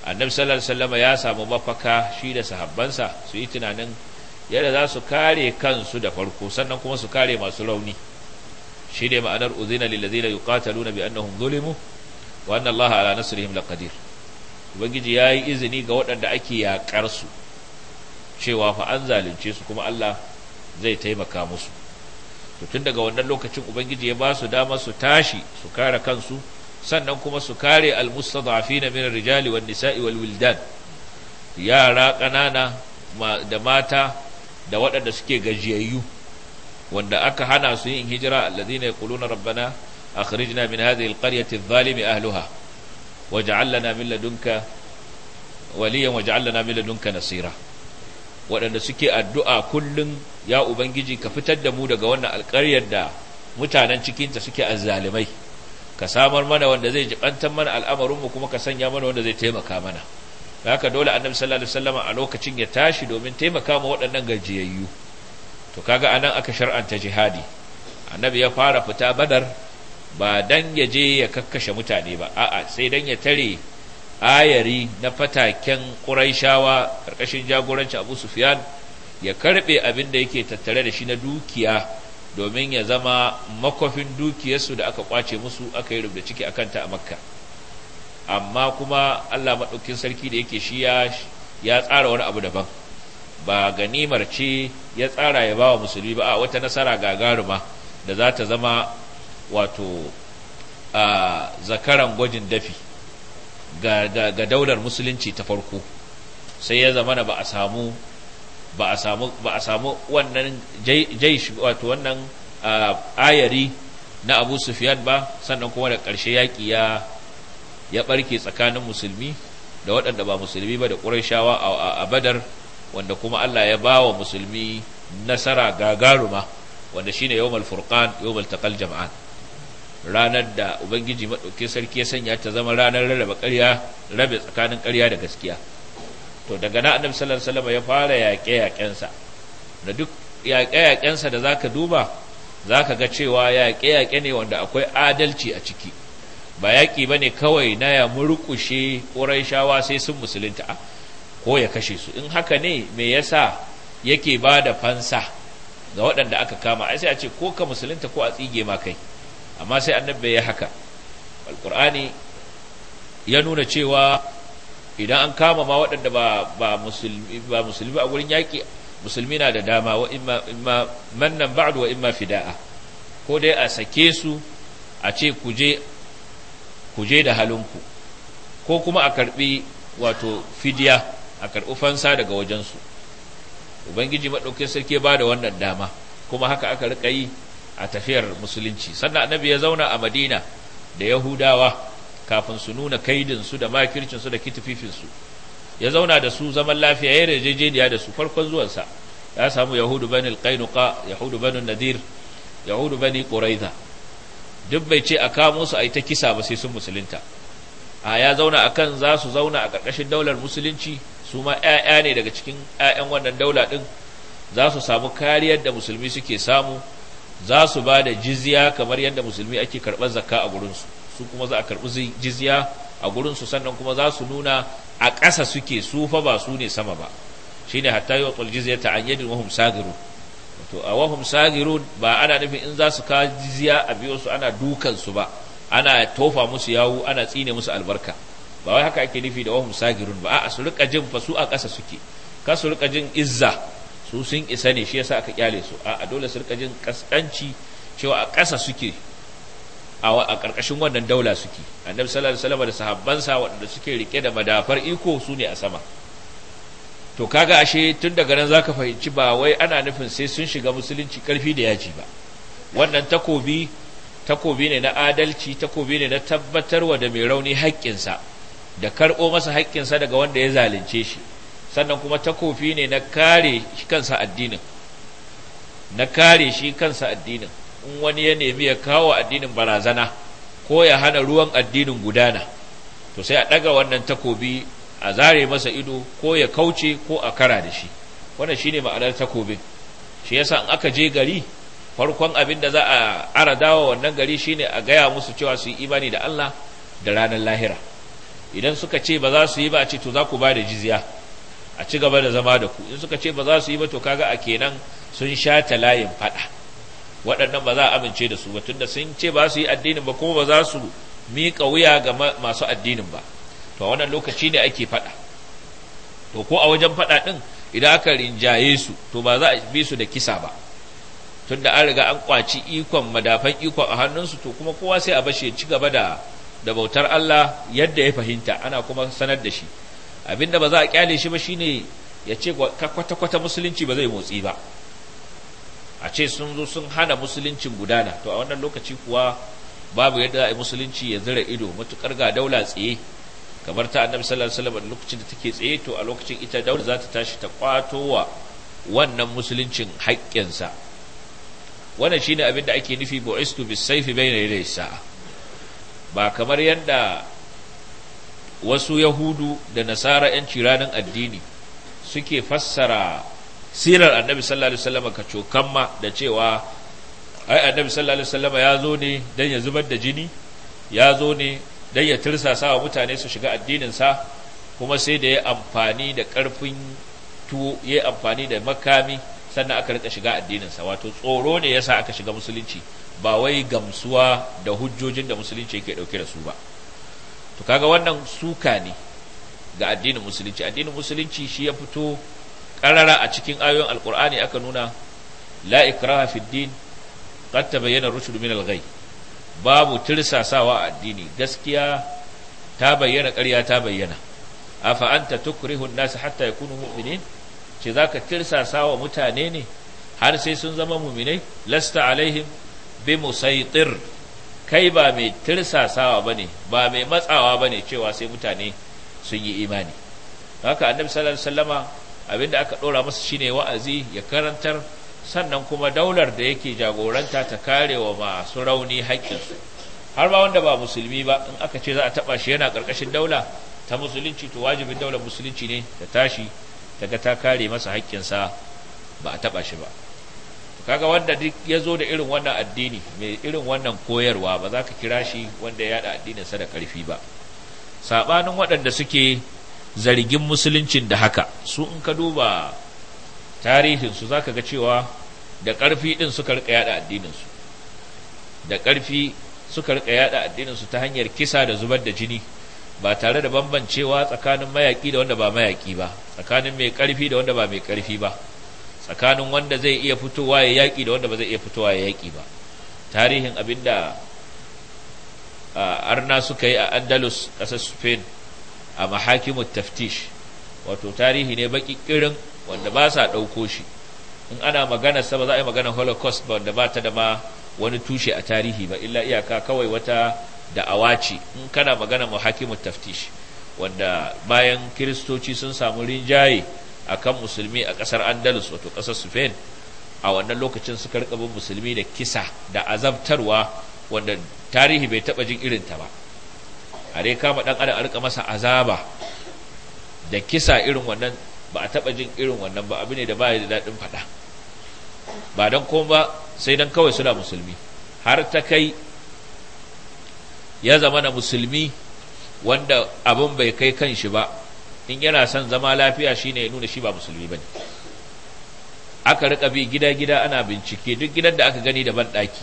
annabi sallallahu alaihi wasallam ya samu mafaka shi da sahabbansa su yi tunanin yadda za su kare kansu da farko sannan kuma su kare masu rauni shi ne ma'anar uzina lillazina yuqataluna bi annahum zulimu wa anna allaha ala nasrihim laqadir ubangiji yayi izini ga waɗanda ake yakar su cewa fa an zalunce su kuma Allah zai taimaka musu to tun daga wannan lokacin ubangiji ya ba su dama su tashi su kare kansu sannan kuma su kare almustadafina min rijali wan nisa'i wal wildan yara ƙanana da mata da waɗanda suke gajiyayyu wanda aka hana su yin hijira alladhina yaquluna rabbana akhrijna min hadhihi alqaryati adh-dhalimi ahliha waj'al lana min ladunka waliyan waj'al lana min ladunka nasira waɗanda suke addu'a kullum ya ubangiji ka fitar da mu daga wannan alƙaryar da mutanen cikinta suke azzalimai ka samar mana wanda zai jibantar mana al'amarinmu kuma ka sanya mana wanda zai taimaka mana haka dole annabi sallallahu alaihi wasallam a lokacin ya tashi domin taimaka ma waɗannan gajiyayyu to kaga anan aka shar'anta jihadi annabi ya fara fita badar ba dan ya je ya kakkashe mutane ba a'a sai dan ya tare ayari na fataken ƙuraishawa ƙarƙashin jagoranci abu sufyan ya karɓe abin da yake tattare da shi na dukiya domin ya zama makwafin dukiyarsu da aka kwace musu aka yi rubda ciki akanta a makka amma kuma allah maɗaukin sarki da yake shi ya tsara wani abu daban ba ganimar ce ya tsara ya ba wa musulmi ba a wata nasara gagaruma da za ta zama wato a zakaran gwajin dafi ga daular musulunci ta farko sai ya zama ba a samu ba a samu ba a samu wannan jai wato wannan ayari na Abu Sufyan ba sannan kuma da ƙarshe yaƙi ya ya barke tsakanin musulmi da waɗanda ba musulmi ba da Qurayshawa a Badar wanda kuma Allah ya bawa musulmi nasara gagaruma wanda shine yawmal furqan yawmal taqal jama'an. ranar da ubangiji maɗauki sarki ya sanya ta zama ranar rarraba ƙarya rabe tsakanin ƙarya da gaskiya to daga na annabi sallallahu alaihi ya fara yaƙe yaƙensa da duk yaƙe yaƙensa da zaka duba zaka ga cewa yaƙe yaƙe ne wanda akwai adalci a ciki ba yaƙi bane kawai na ya murƙushe ƙurayshawa sai sun musulunta ko ya kashe su in haka ne me yasa yake ba da fansa ga waɗanda aka kama ai sai a ce ko ka musulunta ko a tsige ma kai amma sai annabi ya haka alqur'ani ya nuna cewa idan an kama ma waɗanda ba ba musulmi ba musulmi a gurin yaki. musulmi na da dama wa imma imma mannan ba'du wa imma fida'a ko dai a sake su a ce ku je ku je da halinku ko kuma a karbi wato fidiya a karbi fansa daga wajensu ubangiji maɗaukin sarki ba da wannan dama kuma haka aka rika yi a tafiyar musulunci sannan annabi ya zauna a madina da yahudawa kafin su nuna kaidinsu da makircinsu da kitififinsu ya zauna da su zaman lafiya ya yarjejeniya da su farkon zuwansa ya samu yahudu bani alqainuqa yahudu bani nadir yahudu bani quraiza duk bai ce a kamo su a yi ta kisa ba sai sun musulunta a ya zauna akan za su zauna a ƙarƙashin daular musulunci su ma 'ya'ya ne daga cikin 'ya'yan wannan daula ɗin za su samu kariyar da musulmi suke samu za su ba da jizya kamar yadda musulmi ake karɓar zakka a gurinsu su kuma za a karɓi jizya a gurinsu sannan kuma za su nuna a ƙasa suke su fa ba su ne sama ba shine hatta yi wa jizya ta an yadda wahum sagiru to a wahum sagiru ba ana nufin in za su kawo jizya a biyo su ana dukansu ba ana tofa musu yawu ana tsine musu albarka ba wai haka ake nufi da wahum sagirun ba a su rika jin fa su a ƙasa suke ka su rika jin izza su sun isa ne shi yasa aka kyale su a dole su rika jin kaskanci cewa a ƙasa suke a ƙarƙashin wannan daula suke annabi sallallahu alaihi wasallam da sahabbansa waɗanda suke rike da madafar iko su ne a sama to kaga ashe tun daga nan zaka fahimci ba wai ana nufin sai sun shiga musulunci karfi da yaji ba wannan takobi takobi ne na adalci takobi ne na tabbatarwa da mai rauni haƙƙinsa da karɓo masa haƙƙinsa daga wanda ya zalunce shi sannan kuma takofi ne na kare shi kansa addinin na kare shi kansa addinin in wani ya nemi ya kawo addinin barazana ko ya hana ruwan addinin gudana to sai a ɗaga wannan takobi a zare masa ido ko ya kauce ko a kara da shi wannan shine ma'anar takobin shi yasa in aka je gari farkon abin da za a ara aradawa wannan gari shine a gaya musu cewa su yi imani da Allah da ranar lahira idan suka ce ba za su yi ba a ce to za ku ba da jizya a ci gaba da zama da ku in suka ce ba za su yi ba to kaga a kenan sun sha ta layin faɗa waɗannan ba za a amince da su ba tunda sun ce ba su yi addinin ba kuma ba za su miƙa wuya ga masu addinin ba to a wannan lokaci ne ake faɗa to ko a wajen faɗa ɗin idan aka rinjaye su to ba za a bi su da kisa ba tunda an riga an kwaci ikon madafan ikon a hannunsu to kuma kowa sai a bashi ya ci gaba da da bautar Allah yadda ya fahimta ana kuma sanar da shi abinda ba za a kyale shi ba shine ya ce kwata-kwata musulunci ba zai motsi ba a ce sun zo sun hana musuluncin gudana to a wannan lokaci kuwa babu yadda a musulunci ya zira ido matukar ga daula tsaye kamar ta annabi sallallahu alaihi wasallam lokacin da take tsaye to a lokacin ita daula za ta tashi ta kwato wa wannan musuluncin haƙƙinsa wannan shine abin da ake nufi bu'istu bis sayfi bayna yadayhi sa'a ba kamar yadda wasu yahudu da nasara yanci ranar addini suke fassara sirar annabi sallallahu alaihi wasallam ka cokamma da cewa ai annabi sallallahu alaihi wasallam ya zo ne dan ya zubar da jini ya zo ne dan ya tirsasa wa mutane su shiga addinin sa kuma sai da ya amfani da karfin tuwo ya amfani da makami sannan aka rika shiga addininsa wato tsoro ne yasa aka shiga musulunci ba wai gamsuwa da hujjojin da musulunci yake dauke da su ba to kaga wannan suka ne ga addinin musulunci addinin musulunci shi ya fito karara a cikin ayoyin alkur'ani aka nuna la ikraha fid din qad tabayyana rushd min al babu tirsasawa a addini gaskiya ta bayyana ƙarya ta bayyana afa anta tukrihu an-nas hatta yakunu mu'minin ce zaka tirsasawa mutane ne har sai sun zama mu'minai lasta alaihim bi musaitir kai ba mai tirsasawa ba ne ba mai matsawa ba ne cewa sai mutane sun yi imani haka annabi sallallahu alaihi wasallama abinda aka ɗora masa shine wa'azi ya karantar sannan kuma daular da yake jagoranta ta kare wa masu rauni su har ba wanda ba musulmi ba in aka ce za a taɓa shi yana ƙarƙashin daula ta musulunci to wajibin daular musulunci ne ta tashi ta ga ta kare masa haƙƙinsa ba a taɓa shi ba kaga wanda duk ya zo da irin wannan addini mai irin wannan koyarwa ba za ka kira shi wanda ya yada addinin sa da karfi ba sabanin waɗanda suke zargin musuluncin da haka su in ka duba tarihin su zaka ga cewa da karfi din suka rika yada addinin su da karfi suka rika yada addinin su ta hanyar kisa da zubar da jini ba tare da bambancewa tsakanin mayaki da wanda ba mayaki ba tsakanin mai karfi da wanda ba mai karfi ba tsakanin wanda zai iya fitowa ya yaƙi da wanda ba zai iya fitowa ya yaƙi ba tarihin abinda arna suka yi a andalus ƙasar spain a mahakimun taftish wato tarihi ne baƙi ƙirin wanda ba sa ɗauko shi in ana magana sa ba za a yi magana holocaust ba wanda ba ta da ma wani tushe a tarihi ba illa iyaka kawai wata da ce in kana magana mahakimun taftish wanda bayan kiristoci sun samu rinjaye akan musulmi a kasar andalus wato kasar spain a wannan lokacin suka rika bin musulmi da kisa da azabtarwa wanda tarihi bai taba jin irin ta ba a dai kama dan adam a rika masa azaba da kisa irin wannan ba a taba jin irin wannan ba abu ne da baya da daɗin faɗa? ba dan kuma ba sai dan kawai suna musulmi har ta kai ya zama na musulmi wanda abin bai kai kan shi ba in yana son zama lafiya shine ya nuna shi ba musulmi bane aka rika bi gida-gida ana bincike duk gidan da aka gani da ban daki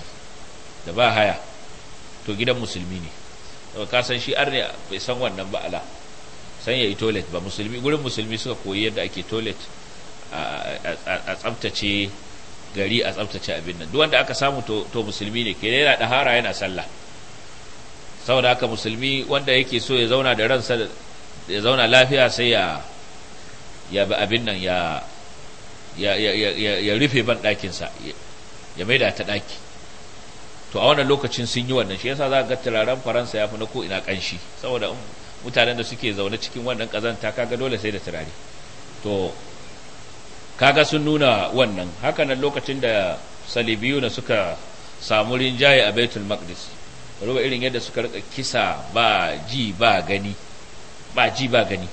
da ba haya to gidan musulmi ne ka san shi arne bai san wannan ba ala san yi toilet ba musulmi gurin musulmi suka koyi yadda ake toilet a tsaftace gari a tsaftace abin nan duk wanda aka samu to musulmi ne ke yana dahara yana sallah saboda haka musulmi wanda yake so ya zauna da ransa ya zauna lafiya sai ya ya bi abin nan ya ya ya ya rufe ban sa ya maida ta ɗaki to a wannan lokacin sun yi wannan shi yasa za ga turaren faransa ya fi na ko ina ƙanshi saboda mutanen da suke zaune cikin wannan ƙazanta kaga dole sai da turare to kaga sun nuna wannan haka nan lokacin da salibiyu na suka samu rinjaye a baitul maqdis ruba irin yadda suka rika kisa ba ji ba gani ba ji ba gani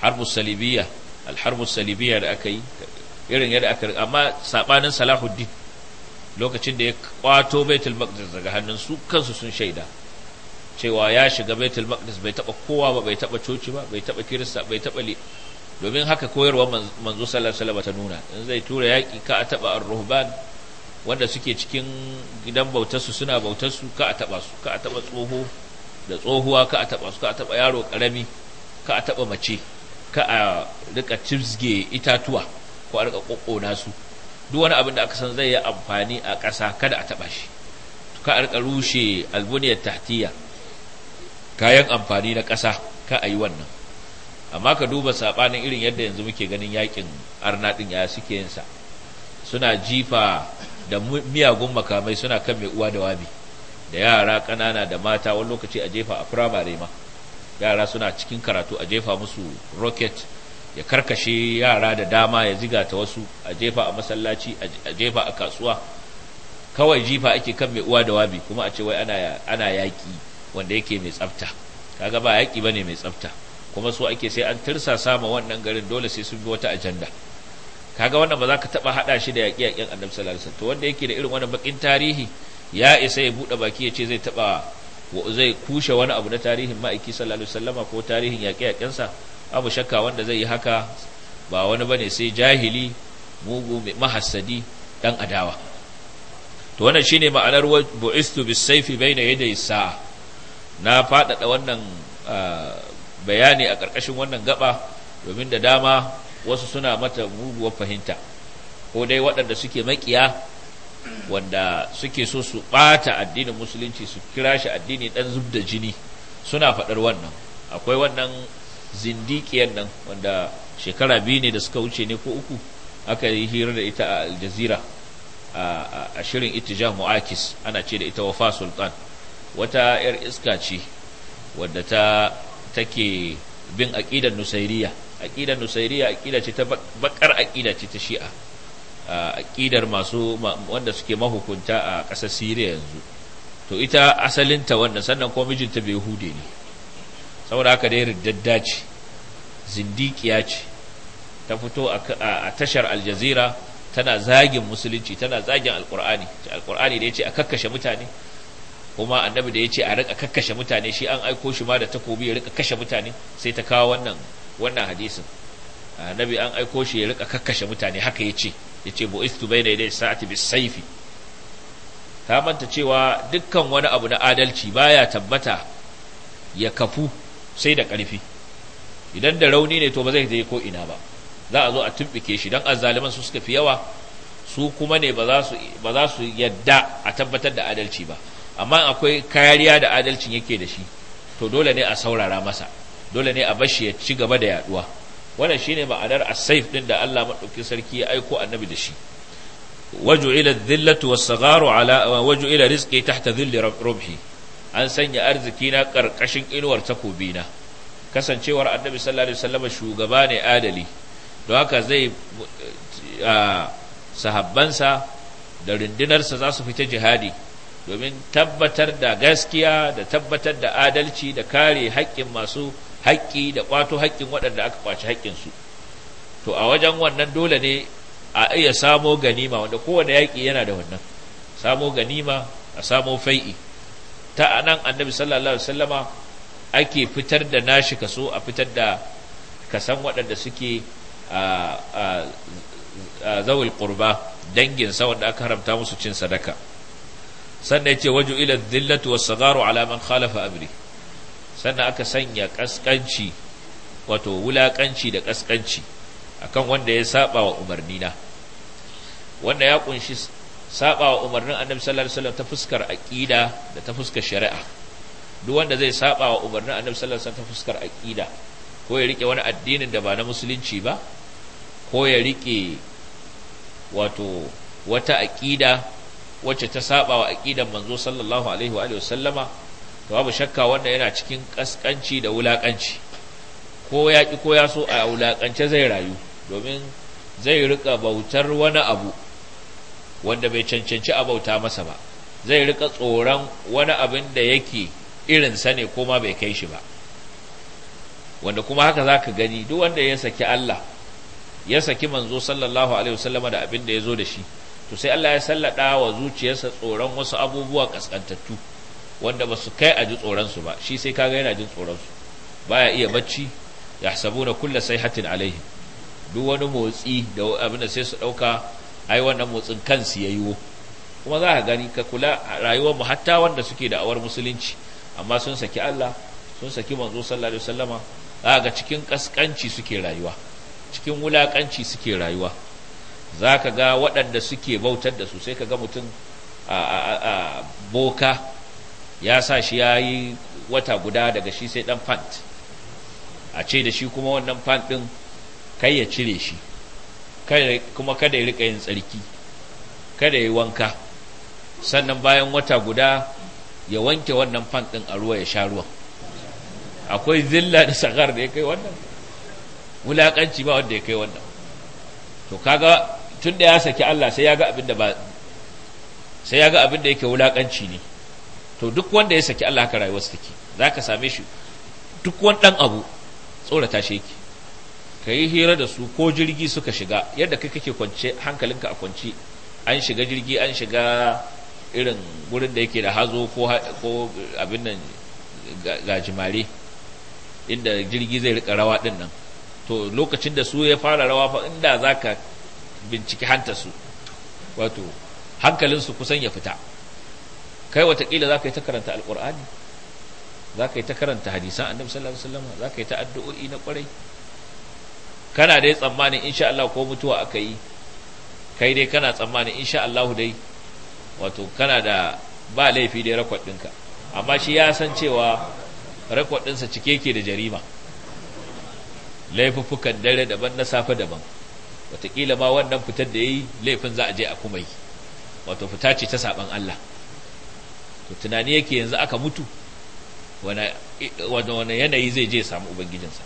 harbu salibiyya alharbu salibiyya da aka yi irin yadda aka amma sabanin salahuddin lokacin da ya kwato baitul maqdis daga hannun su kansu sun shaida cewa ya shiga baitul maqdis bai taba kowa ba bai taba coci ba bai taba kirista bai taba li domin haka koyarwa manzo sallallahu alaihi ta nuna in zai tura yaki ka a taba ar-ruhban wanda suke cikin gidan bautarsu suna bautar su ka a taba su ka a taba tsoho da tsohuwa ka a taba su ka a taba yaro karami ka a taba mace ka a rika cibsge itatuwa ko a rika kokkona su duk wani abin da aka san zai yi amfani a ƙasa kada a taba shi ka a rika rushe albuniyar tahtiya kayan amfani na ƙasa ka a yi wannan amma ka duba saɓanin irin yadda yanzu muke ganin yakin arna din ya suke yinsa. suna jifa da miyagun makamai suna kan mai uwa da wabi da yara kanana da mata wani lokaci a jefa a firamare ma yara suna cikin karatu a jefa musu rocket ya karkashe yara da dama ya ziga ta wasu a jefa a masallaci a jefa a kasuwa kawai jifa ake kan mai uwa da wabi kuma a ce wai ana yaƙi wanda yake mai tsafta kaga ba yaƙi ne mai tsafta kuma so ake sai an tirsa sama wannan garin dole sai sun bi wata ajanda kaga wannan ba za ka taɓa haɗa shi da yaƙi yaƙin annabi sallallahu alaihi wasallam to wanda yake da irin wannan bakin tarihi ya isa ya buɗe baki ya ce zai taɓa zai kushe wani abu na tarihin ma'aiki sallallahu alaihi ko tarihin yaƙe-yaƙensa abu shakka wanda zai yi haka ba wani bane sai jahili mugu mahassadi dan adawa to wannan shine ma'anar bu'istu bis saifi baina yaday sa'a na faɗaɗa wannan bayani a ƙarƙashin wannan gaba domin da dama wasu suna mata muguwar fahimta ko dai waɗanda suke maƙiya wanda suke so su ɓata addinin musulunci su kira shi addini ɗan zubda jini suna faɗar wannan akwai wannan zindiƙiyar nan wanda shekara biyu ne da suka wuce ne ko uku aka yi hira da ita a aljazira a shirin itija mu'akis ana ce da ita wafa sultan wata 'yar iska ce wadda ta take bin aƙidar nusairiya aƙidar nusairiya aƙida ce ta bakar aƙida ce ta shi'a aƙidar masu wanda suke mahukunta a ƙasar Siriya yanzu to ita asalinta wannan sannan kuma mijinta bai hude ne saboda haka dai riddadda ce zindiƙiya ce ta fito a tashar aljazira tana zagin musulunci tana zagin alƙur'ani alƙur'ani da ya ce a kakkashe mutane kuma annabi da ya ce a rika kakkashe mutane shi an aiko shi ma da takobi ya rika kashe mutane sai ta kawo wannan wannan hadisin annabi an aiko shi ya rika kakkashe mutane haka ya ce yace bu'istu bayna yaday sa'ati bis sayfi ta manta cewa dukkan wani abu na adalci baya tabbata ya kafu sai da karfi idan da rauni ne to ba zai je ko ina ba za a zo a tumbike shi dan azzaliman su suka fi yawa su kuma ne ba za su yadda a tabbatar da adalci ba amma akwai kariya da adalcin yake da shi to dole ne a saurara masa dole ne a bashi ya ci gaba da yaduwa wannan shine ma'anar as-saif din da Allah madaukin sarki ya aiko annabi da shi وجعل الذلة والصغار على وجعل رزقي تحت ذل ربحي an sanya arzikina ƙarƙashin inuwar takobina kasancewar annabi sallallahu alaihi wasallam shugaba ne adali don haka zai eh, sahabbansa da rundunarsa za su fita jihadi domin tabbatar da gaskiya da tabbatar da adalci da kare haƙƙin masu haƙƙi da ƙwato haƙƙin waɗanda aka ƙwace haƙƙinsu to a wajen wannan dole ne a iya samo ganima wanda kowane yaƙi yana da wannan samo ganima a samo fai'i ta anan annabi sallallahu alaihi wasallama ake fitar da nashi kaso a fitar da kasan waɗanda suke a zawul qurba dangin sa wanda aka haramta musu cin sadaka sannan ya ce waju ila dhillatu was sagaru ala khalafa amri sannan aka sanya kaskanci wato wulakanci da kaskanci akan wanda ya saba wa umarnina wanda ya kunshi saba wa umarnin annabi sallallahu alaihi wasallam ta fuskar aqida da ta fuskar shari'a duk wanda zai saba wa umarnin annabi sallallahu alaihi wasallam ta fuskar aqida ko ya rike wani addinin da ba na musulunci ba ko ya rike wato wata aqida wacce ta saba wa aqidan manzo sallallahu alaihi wa alihi wasallama to babu shakka wanda yana cikin kaskanci da wulakanci ko ya ki ko ya so a wulakance zai rayu domin zai rika bautar wani abu wanda bai cancanci a bauta masa ba zai riƙa tsoron wani abin da yake irinsa ne ko ma bai kai shi ba wanda kuma haka za ka gani duk wanda ya saki Allah ya saki manzo sallallahu alaihi wasallama da abin da ya zo da shi to sai Allah ya sallada wa zuciyarsa tsoron wasu abubuwa kaskantattu wanda ba su kai a ji tsoronsu ba shi sai kaga yana jin tsoronsu baya iya bacci ya na kulla sai hatin alaihi duk wani motsi da abin da sai su ɗauka ai wannan motsin kansu ya yiwo kuma za ka gani ka kula rayuwarmu hatta wanda suke da awar musulunci amma sun saki Allah sun saki manzo sallallahu alaihi wasallama za ga cikin kaskanci suke rayuwa cikin wulakanci suke rayuwa za ka ga waɗanda suke bautar da su sai ka ga mutum a boka ya sa shi ya yi wata guda daga shi sai dan fant a ce da shi kuma wannan fant din kai ya cire shi kuma kada ya rika yin tsarki kada ya yi wanka sannan bayan wata guda ya wanke wannan fant din a ruwa ya sha ruwan akwai zilla da sagar da ya kai wannan wulaƙanci ba wanda ya kai wannan to kaga tun da ya saki Allah sai ya ga abin da ba sai ya ga abin da yake wulaƙanci ne to duk wanda ya saki Allah haka rayuwarsa take za ka same shi duk wani ɗan abu tsorata shi yake ka yi hira da su ko jirgi suka shiga yadda kai kake kwance hankalinka a kwance an shiga jirgi an shiga irin wurin da yake da hazo ko abin nan gajimare inda jirgi zai rika rawa din nan to lokacin da su ya fara rawa fa inda za ka binciki hanta su wato hankalinsu kusan ya fita kai watakila za ka yi ta karanta alkur'ani za ka yi ta karanta hadisan annabi sallallahu alaihi wasallam za ka yi ta addu'o'i na kwarai kana dai tsammanin insha Allah ko mutuwa aka yi kai dai kana tsammanin insha Allah dai wato kana da ba laifi dai rakwad ɗinka amma shi ya san cewa rakwad ɗinsa cike yake da jarima laifuffukan dare daban na safe daban wataƙila ma wannan fitar da ya yi laifin za a je a kuma yi wato fita ce ta saɓan Allah to tunani yake yanzu aka mutu wani yanayi zai je samu ubangijinsa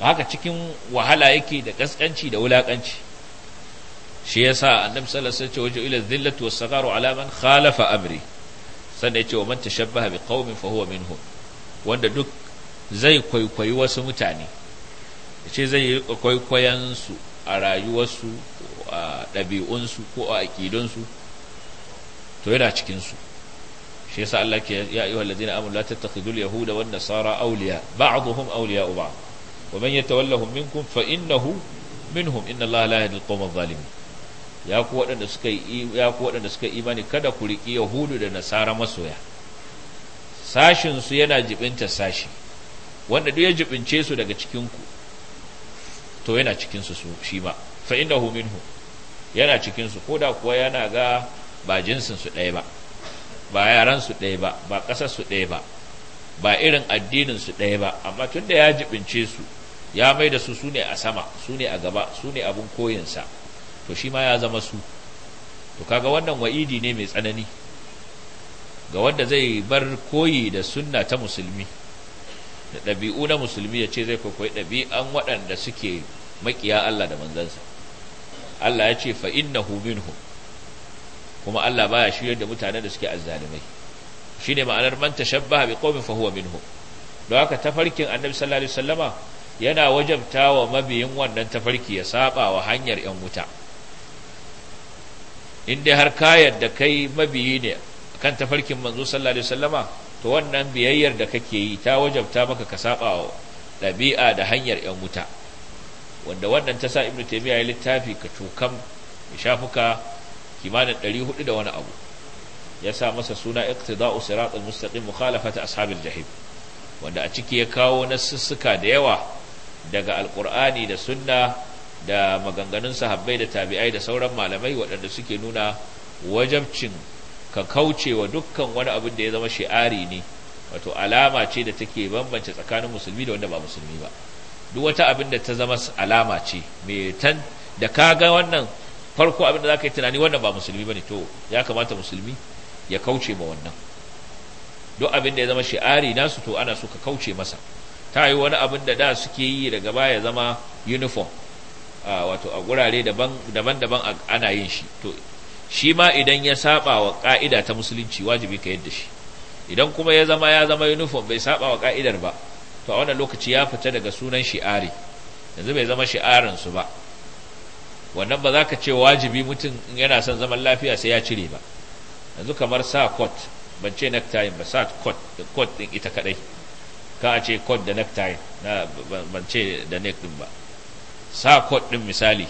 haka cikin wahala yake da kaskanci da wulakanci shi yasa annabi sallallahu alaihi wasallam ya ce ila dhillatu was-sagaru ala man khalafa amri sannan ya ce wa man tashabbaha bi qaumin fa huwa minhum wanda duk zai kwaikwayi wasu mutane ya ce zai yi kwaikwayon su a rayuwarsu a dabi'un su ko a su, to yana cikin su. shi yasa Allah ke ya ayyuhal ladina amanu la tattakhidul yahuda wan nasara awliya ba'dhum awliya'u ba'd wa man yatawallahum minkum fa innahu minhum inna Allah la yahdi al-qawma adh-dhalimin ya ku waɗanda suka yi ya ku wadanda suka imani kada ku riki yahudu da nasara masoya sashin su yana jibinta sashi wanda duk ya jibince su daga cikin ku to yana cikin su shi ma fa innahu minhum yana cikin su koda kuwa yana ga ba jinsin su ɗaya ba ba yaran su ɗaya ba ba ƙasar su ɗaya ba ba irin addinin su ɗaya ba amma tun da ya jibince su ya mai da su su ne a sama su ne a gaba su ne abin koyinsa to shi ma ya zama su to kaga wannan wa'idi ne mai tsanani ga wanda zai bar koyi da sunna ta musulmi da ɗabi'u na musulmi ya ce zai kwaikwayi ɗabi'an waɗanda suke maƙiya Allah da manzansa Allah ya ce fa innahu minhum kuma Allah baya shiryar da mutanen da suke azzalimai shine ma'anar man tashabbaha biqaumin fa huwa minhum don haka tafarkin annabi sallallahu alaihi wasallama yana wajabta wa mabiyin wannan tafarki ya saba wa hanyar yan wuta in dai har ka yadda kai mabiyi ne kan tafarkin manzo sallallahu alaihi wasallama to wannan biyayyar da kake yi ta wajabta maka ka saba wa dabi'a da hanyar yan wuta wanda wannan ta sa ibnu taymiya ya littafi ka tukam shafuka kimanin hudu da wani abu ya sa masa suna iqtida'u siratal mustaqim mukhalafata ashabil jahim wanda a ciki ya kawo nasussuka da yawa daga alqur'ani da sunna da maganganun sahabbai da tabi'ai da sauran malamai waɗanda suke nuna wajabcin ka kauce wa dukkan wani abin da ya zama shi'ari ne wato alama ce da take bambance tsakanin musulmi da wanda ba musulmi ba duk wata abin da ta zama alama ce mai tan da ka ga wannan farko abin da za ka yi tunani wannan ba musulmi ba ne to ya kamata musulmi ya kauce ma wannan duk abin da ya zama shi'ari nasu to ana so ka kauce masa ta yi wani abin da da suke yi daga baya ya zama uniform wato a gurare daban-daban ana yin shi to shi ma idan ya saba wa ka'ida ta musulunci wajibi ka yadda shi idan kuma ya zama ya zama uniform bai saba wa ka'idar ba to a wannan lokaci ya fita daga sunan shi'ari yanzu bai zama shi'arin su ba wannan ba za ka ce wajibi mutum yana son zaman lafiya sai ya cire ba yanzu kamar sa kot ban ce nektayin ba sa kot kot din ita kadai ka a ce kot da nektayin na ban ce da nek din ba sa kot din misali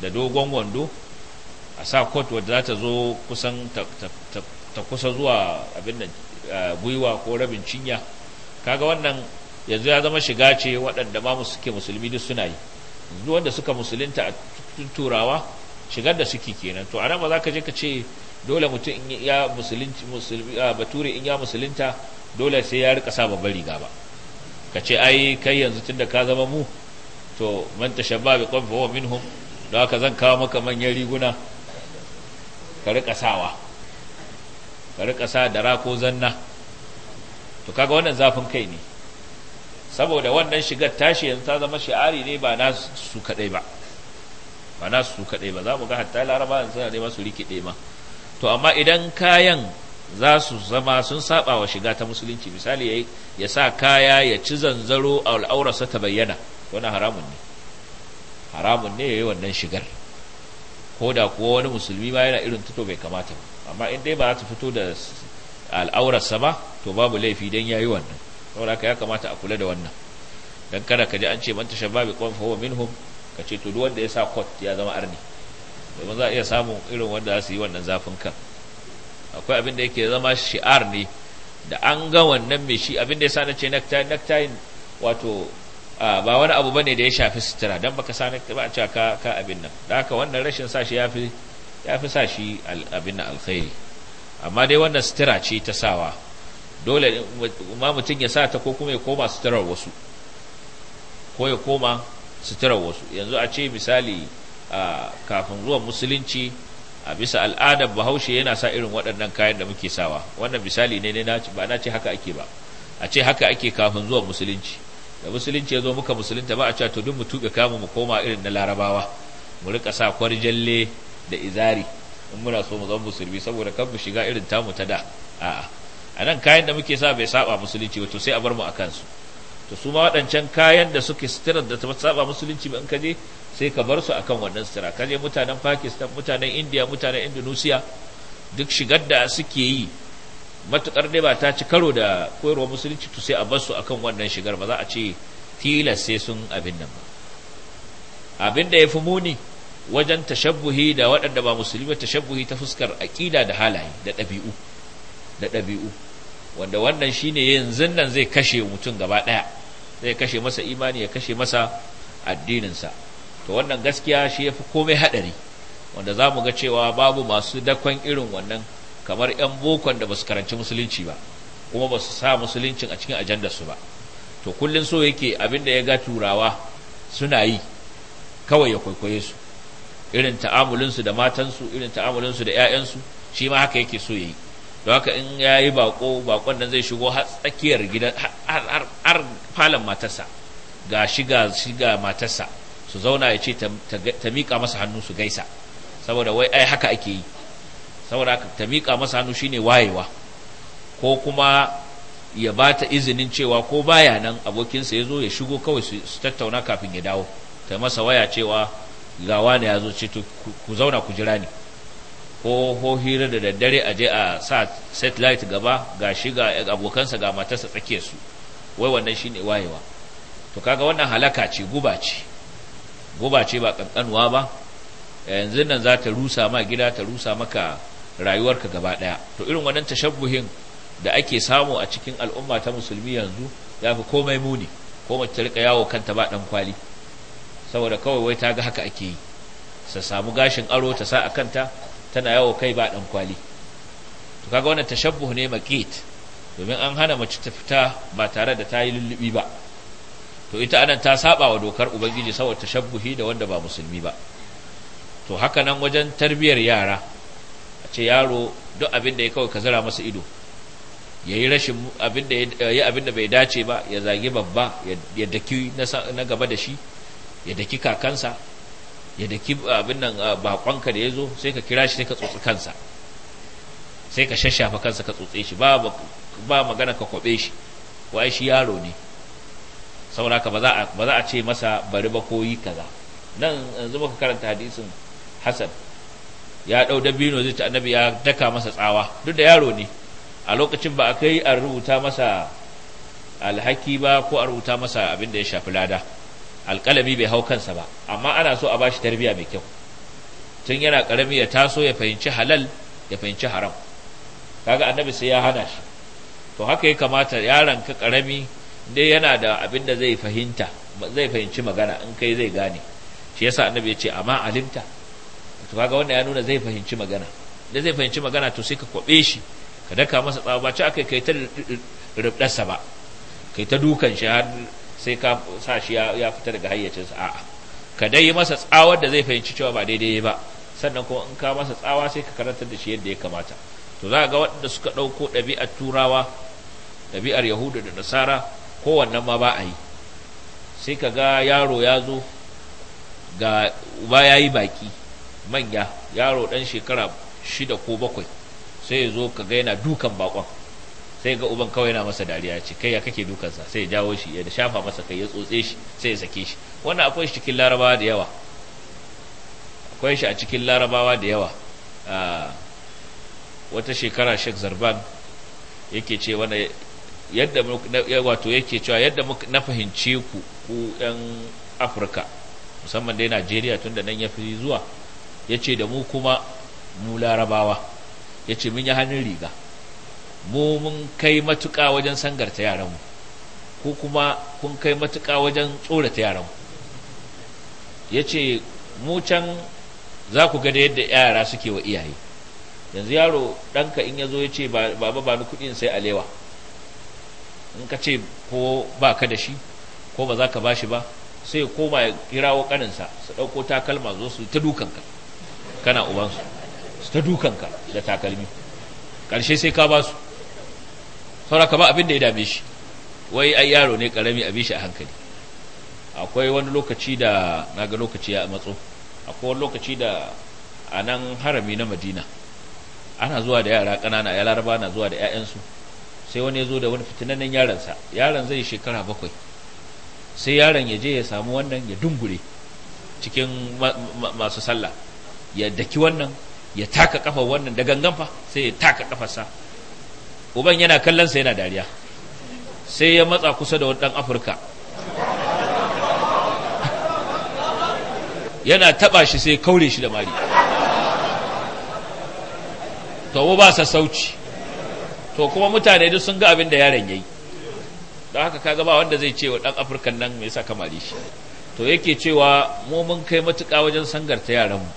da dogon wando a sa kot wadda za ta zo kusan ta kusa zuwa abin da eh, gwiwa ko rabin cinya kaga wannan yanzu ya zama shiga ce waɗanda ma suke musulmi duk suna yi wanda suka musulunta a turawa shigar da suke kenan to anan ba za ka je ka ce dole mutum in ya musulunci bature in ya musulunta dole sai ya rika sa babbar riga ba ka ce ai kai yanzu tunda ka zama mu to man tashabba bi qawm huwa minhum don haka zan kawo maka manyan riguna ka rika sawa ka rika sa dara ko zanna to kaga wannan zafin kai ne saboda wannan shigar tashi yanzu ta zama shi'ari ne ba na su kadai ba ba na su kaɗai ba za mu ga hatta laraba suna nema su rikide ma to amma idan kayan za su zama sun saba wa shiga ta musulunci misali yayi ya sa kaya ya ci zanzaro a al'aurarsa ta bayyana wani haramun ne haramun ne yayi wannan shigar ko da kuwa wani musulmi ma yana irin tuto bai kamata ba amma in dai ba za su fito da al'aurarsa ba to babu laifi dan yayi wannan saboda haka ya kamata a kula da wannan dan kada ka ji an ce man tashabbabi qawm fa huwa minhum ka ce to duk wanda ya sa kot ya zama arni domin za a iya samun irin wanda za su yi wannan zafin kan akwai abin da yake zama shi'ar ne da an ga wannan mai shi abin da ya sa na ce necktie wato ba wani abu bane da ya shafi sutura dan baka sa necktie ba a ce ka ka abin nan da haka wannan rashin sa shi yafi yafi sa shi abin nan alkhairi amma dai wannan sutura ce ta sawa dole ma mutum ya sa ta ko kuma ya koma suturar wasu ko ya koma suturar wasu yanzu a ce misali kafin zuwan musulunci a bisa al'adar bahaushe yana sa irin waɗannan kayan da muke sawa wannan misali ne ne ba na ce haka ake ba a ce haka ake kafin zuwan musulunci da musulunci ya zo muka musulunta ba a cewa to duk mu tuka kamu mu koma irin na larabawa mu rika sa kwarjalle da izari in muna so mu zama musulmi saboda kan mu shiga irin tamu ta da a'a a nan kayan da muke sa bai saba musulunci wato sai a bar mu a kansu to su ma waɗancan kayan da suke sitirar da ta saba musulunci ba in kaje sai ka bar su akan wannan sitira Kaje mutanen Pakistan mutanen India mutanen Indonesia duk shigar da suke yi matukar dai ba ta ci karo da koyarwa musulunci to sai a bar su akan wannan shigar ba za a ce tilas sai sun abin nan ba abin da ya fi muni wajen tashabbuhi da waɗanda ba musulmi tashabbuhi ta fuskar aƙida da halaye da ɗabi'u da ɗabi'u wanda wannan shine yanzu nan zai kashe mutum gaba ɗaya zai kashe masa imani ya kashe masa addininsa to wannan gaskiya shi ya fi komai haɗari wanda za mu ga cewa babu masu dakon irin wannan kamar 'yan bokon da ba su karanci musulunci ba kuma ba su sa musuluncin a cikin ajandarsu ba to kullum so yake abin da ya ga turawa suna yi kawai ya kwaikwaye su irin ta'amulinsu da matansu irin ta'amulinsu da 'ya'yansu shi ma haka yake so ya yi don haka in ya yi bako bakon nan zai shigo har tsakiyar gidan har falon matarsa ga shiga shiga matarsa su zauna ya ce ta miƙa masa hannu su gaisa saboda wai ai haka ake yi saboda haka ta miƙa masa hannu shine wayewa ko kuma ya ba ta izinin cewa ko baya nan abokinsa ya zo ya shigo kawai su tattauna kafin ya dawo ta masa waya cewa gawa ne ya zo ce ku zauna ku jira ni ko ho hira da daddare aje a sa satellite gaba ga shi ga abokansa ga matarsa tsake su wai wannan shine wayewa to kaga wannan halaka ce guba ce guba ce ba ƙanƙanuwa ba yanzu nan za ta rusa ma gida ta rusa maka rayuwarka gaba ɗaya. to irin wannan tashabbuhin da ake samu a cikin al'umma ta musulmi yanzu ya fi komai muni ko mace ta rika yawo kanta ba ɗan kwali saboda kawai wai ta ga haka ake yi sa samu gashin aro ta sa a kanta tana yawo kai ba dan kwali to kaga wannan tashabbuh ne maqit domin an hana mace ta fita ba tare da ta yi lullubi ba to ita anan ta saba wa dokar ubangiji saboda tashabbuhi da wanda ba musulmi ba to haka nan wajen tarbiyar yara a ce yaro duk abin da ya kawai ka zara masa ido ya yi rashin abin da ya abin da bai dace ba ya zagi babba ya daki na gaba da shi ya daki kakansa ya daki ah, abin nan ah, bakonka da ya zo sai ka kira shi sai ka tsotsi kansa sai ka shashafa kansa ka tsotse shi ba magana ka kwabe shi wai shi yaro ne sauraka ba za a ce masa bari ba koyi kaza nan yanzu muka karanta hadisin Hassan. ya dau dabino zai ta annabi ya daka masa tsawa duk da yaro ne a lokacin ba a kai a rubuta masa alhaki ba ko a rubuta masa abin da ya shafi lada alƙalami bai hau kansa ba amma ana so a ba shi tarbiya mai kyau tun yana ƙarami ya taso ya fahimci halal ya fahimci haram kaga annabi sai ya hana shi to haka ya kamata yaron ka ƙarami dai yana da abin da zai fahimta zai fahimci magana in kai zai gane shi yasa annabi ya ce amma alimta to kaga wanda ya nuna zai fahimci magana da zai fahimci magana to sai ka kwabe shi ka daka masa tsawa ba ci aka kai ta rubdarsa ba kai ta dukan shi har sai ka sa shi ya fita daga hayyacinsa a'a ka dai masa tsawar da zai fahimci cewa ba daidai ba sannan kuma in ka masa tsawa sai ka karantar da shi yadda ya kamata to za ga waɗanda suka ɗauko ɗabi'ar turawa ɗabi'ar yahudu da nasara wannan ma ba a yi sai ka ga yaro ya zo ga uba ya yi baki manya yaro ɗan shekara shida ko bakwai sai ya zo ka ga yana dukan bakon sai ga uban kawai na masa dariya ce kai ya kake dukansa sai ya jawo shi ya shafa masa kai ya tsotse shi sai ya sake shi wannan akwai shi cikin larabawa da yawa akwai shi a cikin larabawa da yawa wata shekara Sheikh Zarban yake ce wanda yadda wato yake cewa yadda na fahimce ku ku yan Afirka musamman dai Najeriya tun da nan ya fi zuwa ya ce da mu kuma mu larabawa ya ce mun yi hannun riga mu mun kai matuƙa wajen sangarta yaranmu ko kuma kun kai matuƙa wajen tsorata yaranmu ya ce mu can za ku ga da yadda yara suke wa iyaye yanzu yaro ɗanka in ya zo ya ce baba ba ni kuɗin sai alewa in ka ce ko ba ka da shi ko ba za ka ba shi ba sai koma ya kirawo ƙaninsa su ɗauko takalma zo su ta dukanka kana ubansu su ta dukanka da takalmi ƙarshe sai ka ba su saura kama abin da ya dame shi wai ai yaro ne karami abin shi a hankali akwai wani lokaci da na lokaci ya matso akwai wani lokaci da a nan harami na madina ana zuwa da yara ƙanana ya laraba na zuwa da 'ya'yansu sai wani ya zo da wani fitinannen yaransa yaron zai shekara bakwai sai yaron ya je ya samu wannan ya dungure cikin masu sallah ya daki wannan ya taka kafa wannan da gangan fa sai ya taka kafarsa uban yana kallon sa yana dariya sai ya matsa kusa da wani dan afirka yana taba shi sai kaure shi da mari to ba sa sauci to kuma mutane duk sun ga abin da yaron yayi don haka kaga ba wanda zai ce wa dan afirkan nan me yasa kamari shi to yake cewa mu mun kai matuƙa wajen sangarta yaran mu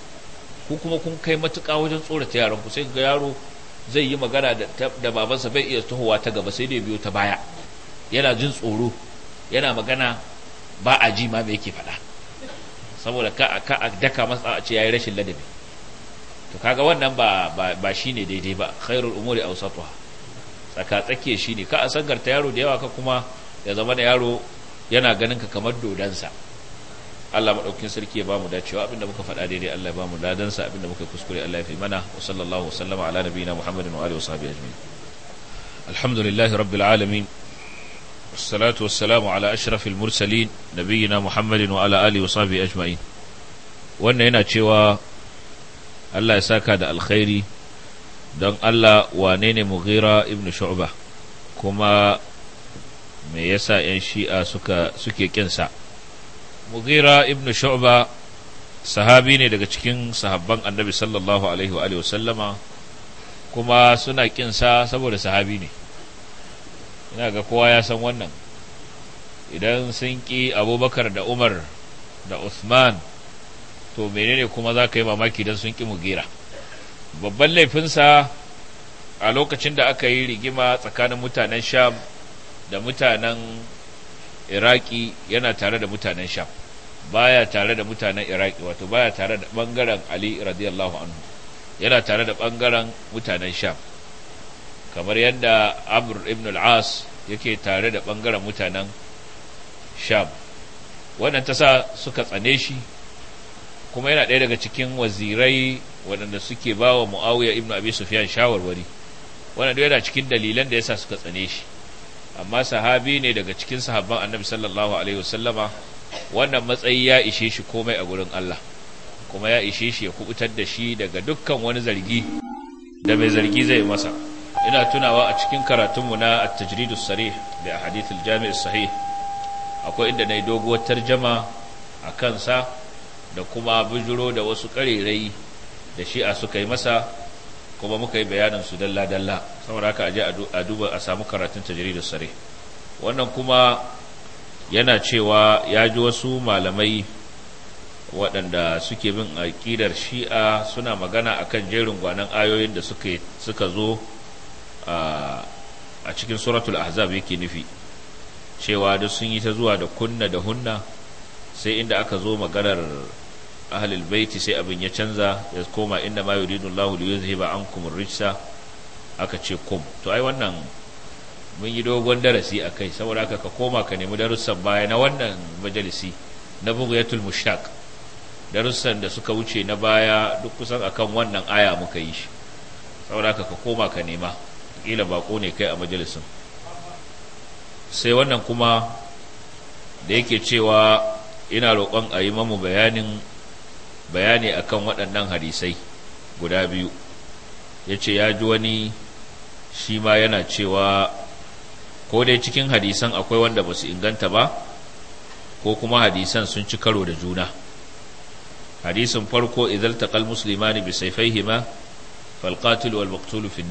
ku kuma kun kai matuƙa wajen tsorata yaran ku sai ga yaro zai yi magana da babansa bai iya tahowa ta gaba sai dai biyo ta baya yana jin tsoro yana magana ba a ji ma me yake faɗa saboda ka a daka masa a ce yayi rashin ladabi to kaga wannan ba ba shine daidai ba khairul umuri awsatuha tsaka tsakiya shine ka a sangarta yaro da yawa ka kuma ya zama da yaro yana ganin ka kamar dodansa Allah madaukakin sarki ya bamu dacewa abinda muka faɗa daidai Allah ya bamu ladan sa abinda muka kuskure Allah ya fi mana wa sallallahu wa sallama ala nabiyina Muhammadin wa alihi wa sahbihi ajma'in alhamdulillahi rabbil alamin wassalatu wassalamu ala ashrafil mursalin nabiyina Muhammadin wa ala alihi wa sahbihi ajma'in wannan yana cewa Allah ya saka da alkhairi don Allah wane ne Mughira ibn Shu'ba kuma me yasa 'yan shi'a suka suke kinsa mughira ibn shu'ba sahabi ne daga cikin sahabban annabi sallallahu alaihi wa sallama kuma suna kinsa saboda sahabi ne ina ga kowa ya san wannan idan sun ki abubakar da umar da uthman to menene kuma za ka yi mamaki don sun ki mugira babban laifinsa a lokacin da aka yi rigima tsakanin mutanen sham da mutanen iraki yana tare da mutanen sham baya tare da mutanen iraki wato baya tare da bangaren ali radiyallahu anhu yana tare da bangaren mutanen sham kamar yadda amr ibn al-as yake tare da bangaren mutanen sham wannan ta sa suka tsane shi kuma yana ɗaya daga cikin wazirai waɗanda suke ba wa mu'awiya ibn abi sufyan shawarwari wannan yana cikin dalilan da yasa suka tsane shi amma sahabi ne daga cikin sahabban annabi sallallahu alaihi wasallama wannan matsayi ya ishe shi komai a gurin Allah kuma ya ishe shi ya kubutar da shi daga dukkan wani zargi da mai zargi zai masa ina tunawa a cikin karatunmu na at-tajridus sarih da hadithul jami'is sahih akwai inda na yi doguwar tarjama a kansa da kuma bujuro da wasu karerai da shi a suka yi masa kuma muka yi bayanin su dalla dalla saboda haka a je a duba a samu karatun tajridus sarih wannan kuma yana cewa ya ji wasu malamai waɗanda suke bin aƙidar shi'a suna magana akan jerin gwanan ayoyin da suka zo a cikin suratul ahzab yake nufi cewa da sun yi ta zuwa da kunna da hunna sai inda aka zo maganar ahalil baiti sai abin ya canza ya koma inda ma yuridu Allahu li yuzhiba an rijsa aka ce kum to ai wannan mun yi dogon darasi a kai saboda haka ka koma ka nemi darussan baya na wannan majalisi na bughyatul mushtaq darussan da suka wuce na baya duk kusan akan wannan aya muka yi shi saboda haka ka koma ka nema kila bako ne kai a majalisin sai wannan kuma da yake cewa ina roƙon a yi mamu bayanin bayani akan waɗannan hadisai guda biyu ya ce ya ji wani shi ma yana cewa ko dai cikin hadisan akwai wanda ba su inganta ba ko kuma hadisan sun ci karo da juna hadisin farko idan taqal muslimani bi sayfayhima fal qatil wal maqtul fi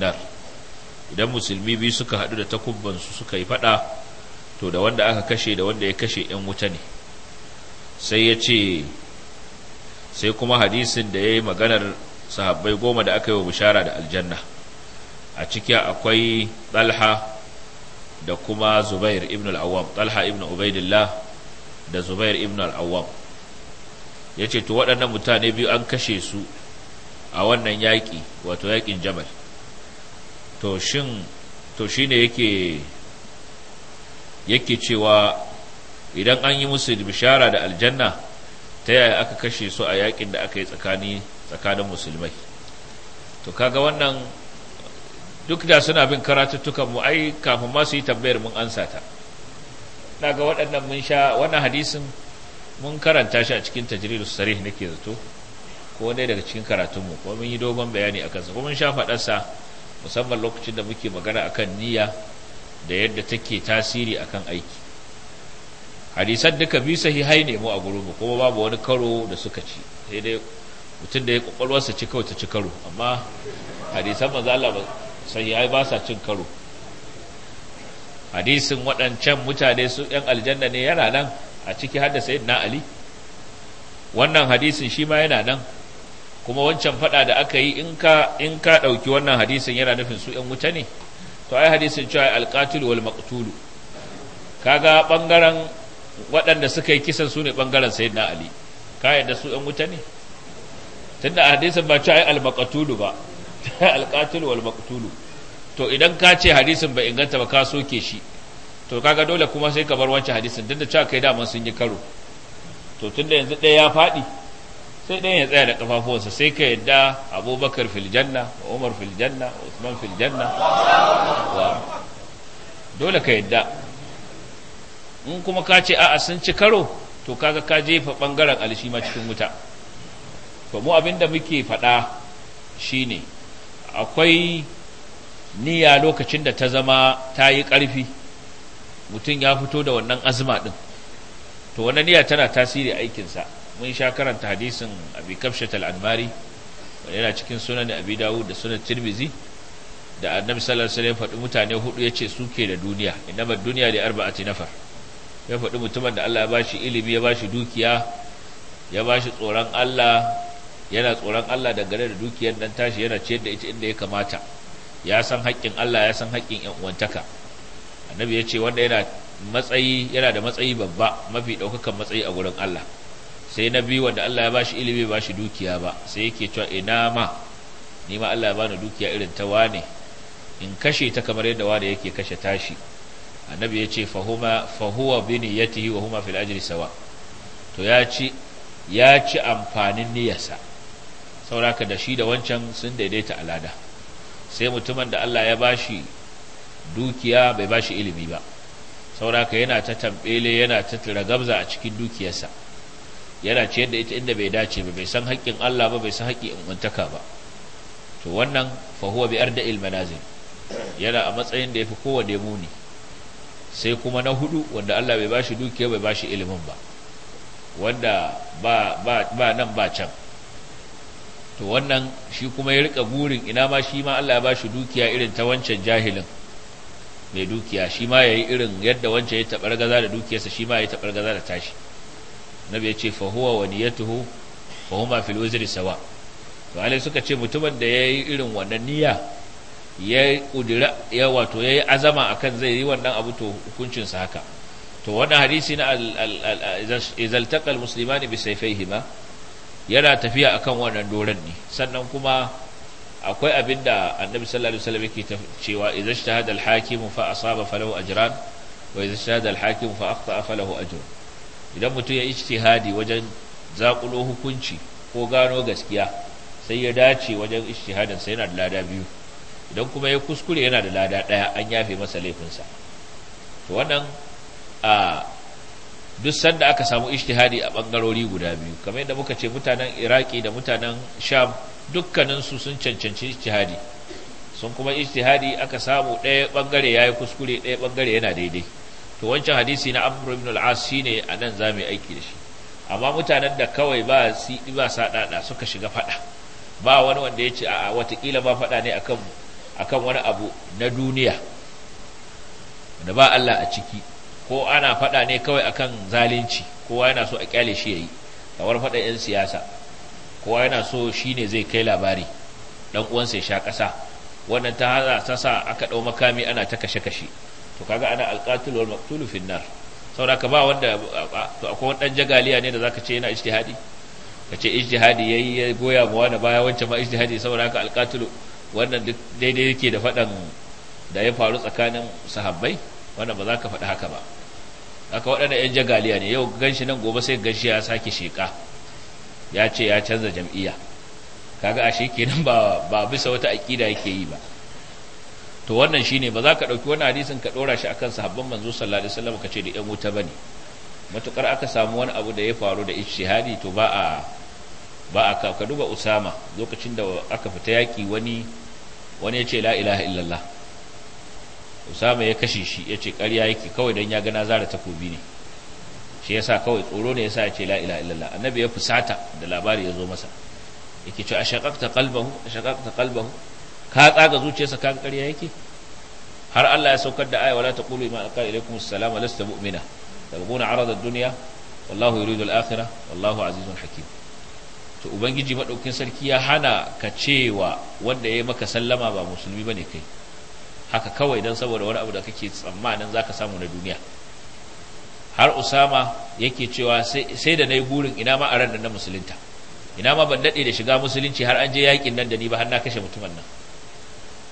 idan musulmi biyu suka haɗu da takubban su suka yi fada to da wanda aka kashe da wanda ya kashe yan wuta ne sai ya ce sai kuma hadisin da ya yi maganar sahabbai goma da aka yi wa bishara da aljanna a ciki akwai Talha da kuma zubair ibn al-awwam talha ibn ubaidillah da zubair ibn al-awwam ya ce to waɗannan mutane biyu an kashe su a wannan yaƙi wato yaƙin jamal to shin to shi ne yake yake cewa idan an yi musu bishara da aljanna ta yaya aka kashe su a yaƙin da aka yi tsakanin musulmai to kaga wannan duk da suna bin karatuttukan mu ai kafin ma su yi tambayar mun ansa ta daga waɗannan mun sha wannan hadisin mun karanta shi a cikin tajridu sarih nake zato ko dai daga cikin karatun mu ko mun yi dogon bayani akan sa ko mun sha sa musamman lokacin da muke magana akan niyya da yadda take tasiri akan aiki hadisan duka bi sahihai ne mu a gurin mu kuma babu wani karo da suka ci sai dai mutum da ya kwakwalwarsa ci kawai ta ci karo amma hadisan manzo Allah yi ba sa cin karo hadisin waɗancan mutane su ‘yan aljanna ne yana nan a ciki har da na ali wannan hadisin shi ma yana nan kuma wancan fada da aka yi in ka ɗauki wannan hadisin yana nufin su ‘yan wuta ne to ai hadisin cewa alqatil wal maqtulu kaga ɓangaren waɗanda suka yi kisan su ne ɓangaren na ali ka yadda su ‘yan wuta ne tunda hadisin ba cewa ai al maqtulu ba alqatil wal maqtulu to idan ka ce hadisin bai inganta ba ka soke shi to kaga dole kuma sai ka bar wancan hadisin da cewa kai daman sun yi karo to tunda yanzu ɗaya ya faɗi sai ɗaya ya tsaya da kafafuwansa sai ka yadda abubakar filjanna umar filjanna usman filjanna dole ka yadda in kuma ka ce a'a sun ci karo to kaga ka jefa bangaren alshima cikin wuta to mu abinda muke faɗa shine akwai niyya lokacin da ta zama ta yi ƙarfi mutum ya fito da wannan azuma ɗin to wannan niyya tana tasiri aikinsa mun sha karanta hadisin abi kafshat al wani yana cikin sunan abi dawud da sunan tirmizi da annabi sallallahu alaihi wasallam faɗi mutane hudu ya yace suke da duniya inama duniya da arba'ati nafar ya faɗi mutumin da Allah ya bashi ilimi ya bashi dukiya ya bashi tsoron Allah yana tsoron Allah da gare da dukiyar nan tashi yana ciyar da ita inda ya kamata ya san haƙƙin Allah ya san haƙƙin ƴan uwantaka annabi ya ce wanda yana matsayi yana da matsayi babba mafi ɗaukakan matsayi a gurin Allah sai na biyu wanda Allah ya bashi ilimi ba dukiya ba sai yake cewa ina ma ni ma Allah ya bani dukiya irin ta wane in kashe ta kamar yadda wane yake kashe tashi annabi ya ce fahuma fahuwa yatihi wa huma fil ajri sawa to ya ci ya ci amfanin niyyarsa sauraka da shi da wancan sun daidaita alada sai mutumin da Allah ya bashi dukiya bai bashi ilimi ba sauraka yana ta tambele yana ta tiragabza a cikin dukiyarsa yana ciyar da ita inda bai dace ba bai san haƙƙin Allah ba bai san in umantaka ba to wannan fa huwa bi arda'il manazil yana a matsayin da yafi kowanne muni sai kuma na hudu wanda Allah bai bashi dukiya bai bashi ilimin ba wanda ba ba nan ba can to wannan shi kuma ya rika burin ina ma shi ma Allah ya bashi dukiya irin ta wancan jahilin mai dukiya shi ma yayi irin yadda wancan ya taɓar gaza da dukiyarsa shi ma ya taɓar gaza da tashi nabi ya ce fa huwa wa niyatuhu fa huma fil wizri sawa to alai suka ce mutumin da yayi irin wannan niyya ya kudira ya wato yayi azama akan zai yi wannan abu to hukuncin sa haka to wannan hadisi na izaltaqal muslimani bi sayfayhima yana tafiya akan wannan doron ne sannan kuma akwai abin da annabi sallallahu alaihi wasallam yake cewa idan shahada al-hakim fa asaba falahu ajran wa idan shahada al fa akhta falahu ajrun idan mutum ya ijtihadi wajen zakulo hukunci ko gano gaskiya sai ya dace wajen ijtihadin sai yana da lada biyu idan kuma ya kuskure yana da lada daya an yafe masa laifinsa to wannan a duk sanda aka samu ishtihadi a bangarori guda biyu kamar yadda muka ce mutanen iraki da mutanen sham dukkaninsu sun cancanci ishtihadi sun kuma ishtihadi aka samu ɗaya bangare ya yi kuskure ɗaya bangare yana daidai to wancan hadisi na amru ibn al-as shine a nan za mu aiki da shi amma mutanen da kawai ba si ba sa dada suka shiga fada ba wani wanda ya ce a watakila ba fada ne akan akan wani abu na duniya da ba Allah a ciki ko ana faɗa ne kawai akan zalunci kowa yana so a kyale shi yayi kamar faɗa 'yan siyasa kowa yana so shi ne zai kai labari dan uwansa ya sha ƙasa wannan ta haza ta sa aka ɗau makami ana ta kashe-kashe to kaga ana alƙatul wal maqtulu fin nar saboda ka ba wanda to akwai wani dan jagaliya ne da zaka ce yana ijtihadi ka ce ijtihadi yayi ya goya mu wani baya wancan ma ijtihadi saboda haka alƙatul wannan daidai yake da faɗan da ya faru tsakanin sahabbai wannan ba za ka faɗi haka ba aka waɗanda 'yan jagaliya ne yau ganshi nan gobe sai ganshi ya sake sheƙa ya ce ya canza jam'iyya kaga ashe kenan ba ba bisa wata aƙida yake yi ba to wannan shine ba za ka ɗauki wani hadisin ka ɗora shi akan sahabban manzo sallallahu alaihi wasallam ka ce da 'yan wuta bane matukar aka samu wani abu da ya faru da ijtihadi to ba a ba a ka duba usama lokacin da aka fita yaki wani wani ya ce la ilaha illallah usama ya kashe shi ya ce ƙarya yake kawai don ya gana zara takobi ne shi ya sa kawai tsoro ne ya sa ya ce la ilaha illallah annabi ya fusata da labari ya zo masa yake ce ashaqaqta qalbahu ashaqaqta qalbahu ka tsaga zuciyarsa ka ƙarya yake har Allah ya saukar da aya wala taqulu ma alqa ilaykum assalam lasta mu'mina tabghuna arada ad-dunya wallahu yuridu al-akhirah wallahu azizun hakim to ubangiji madaukin sarki ya hana ka cewa wanda ya maka sallama ba musulmi bane kai haka kawai don saboda wani abu da kake tsammanin za ka samu na duniya har usama yake cewa sai da na yi burin ina ma a ran na musulunta ina ma ban daɗe da shiga musulunci har an je yakin nan da ni ba har na kashe mutumin nan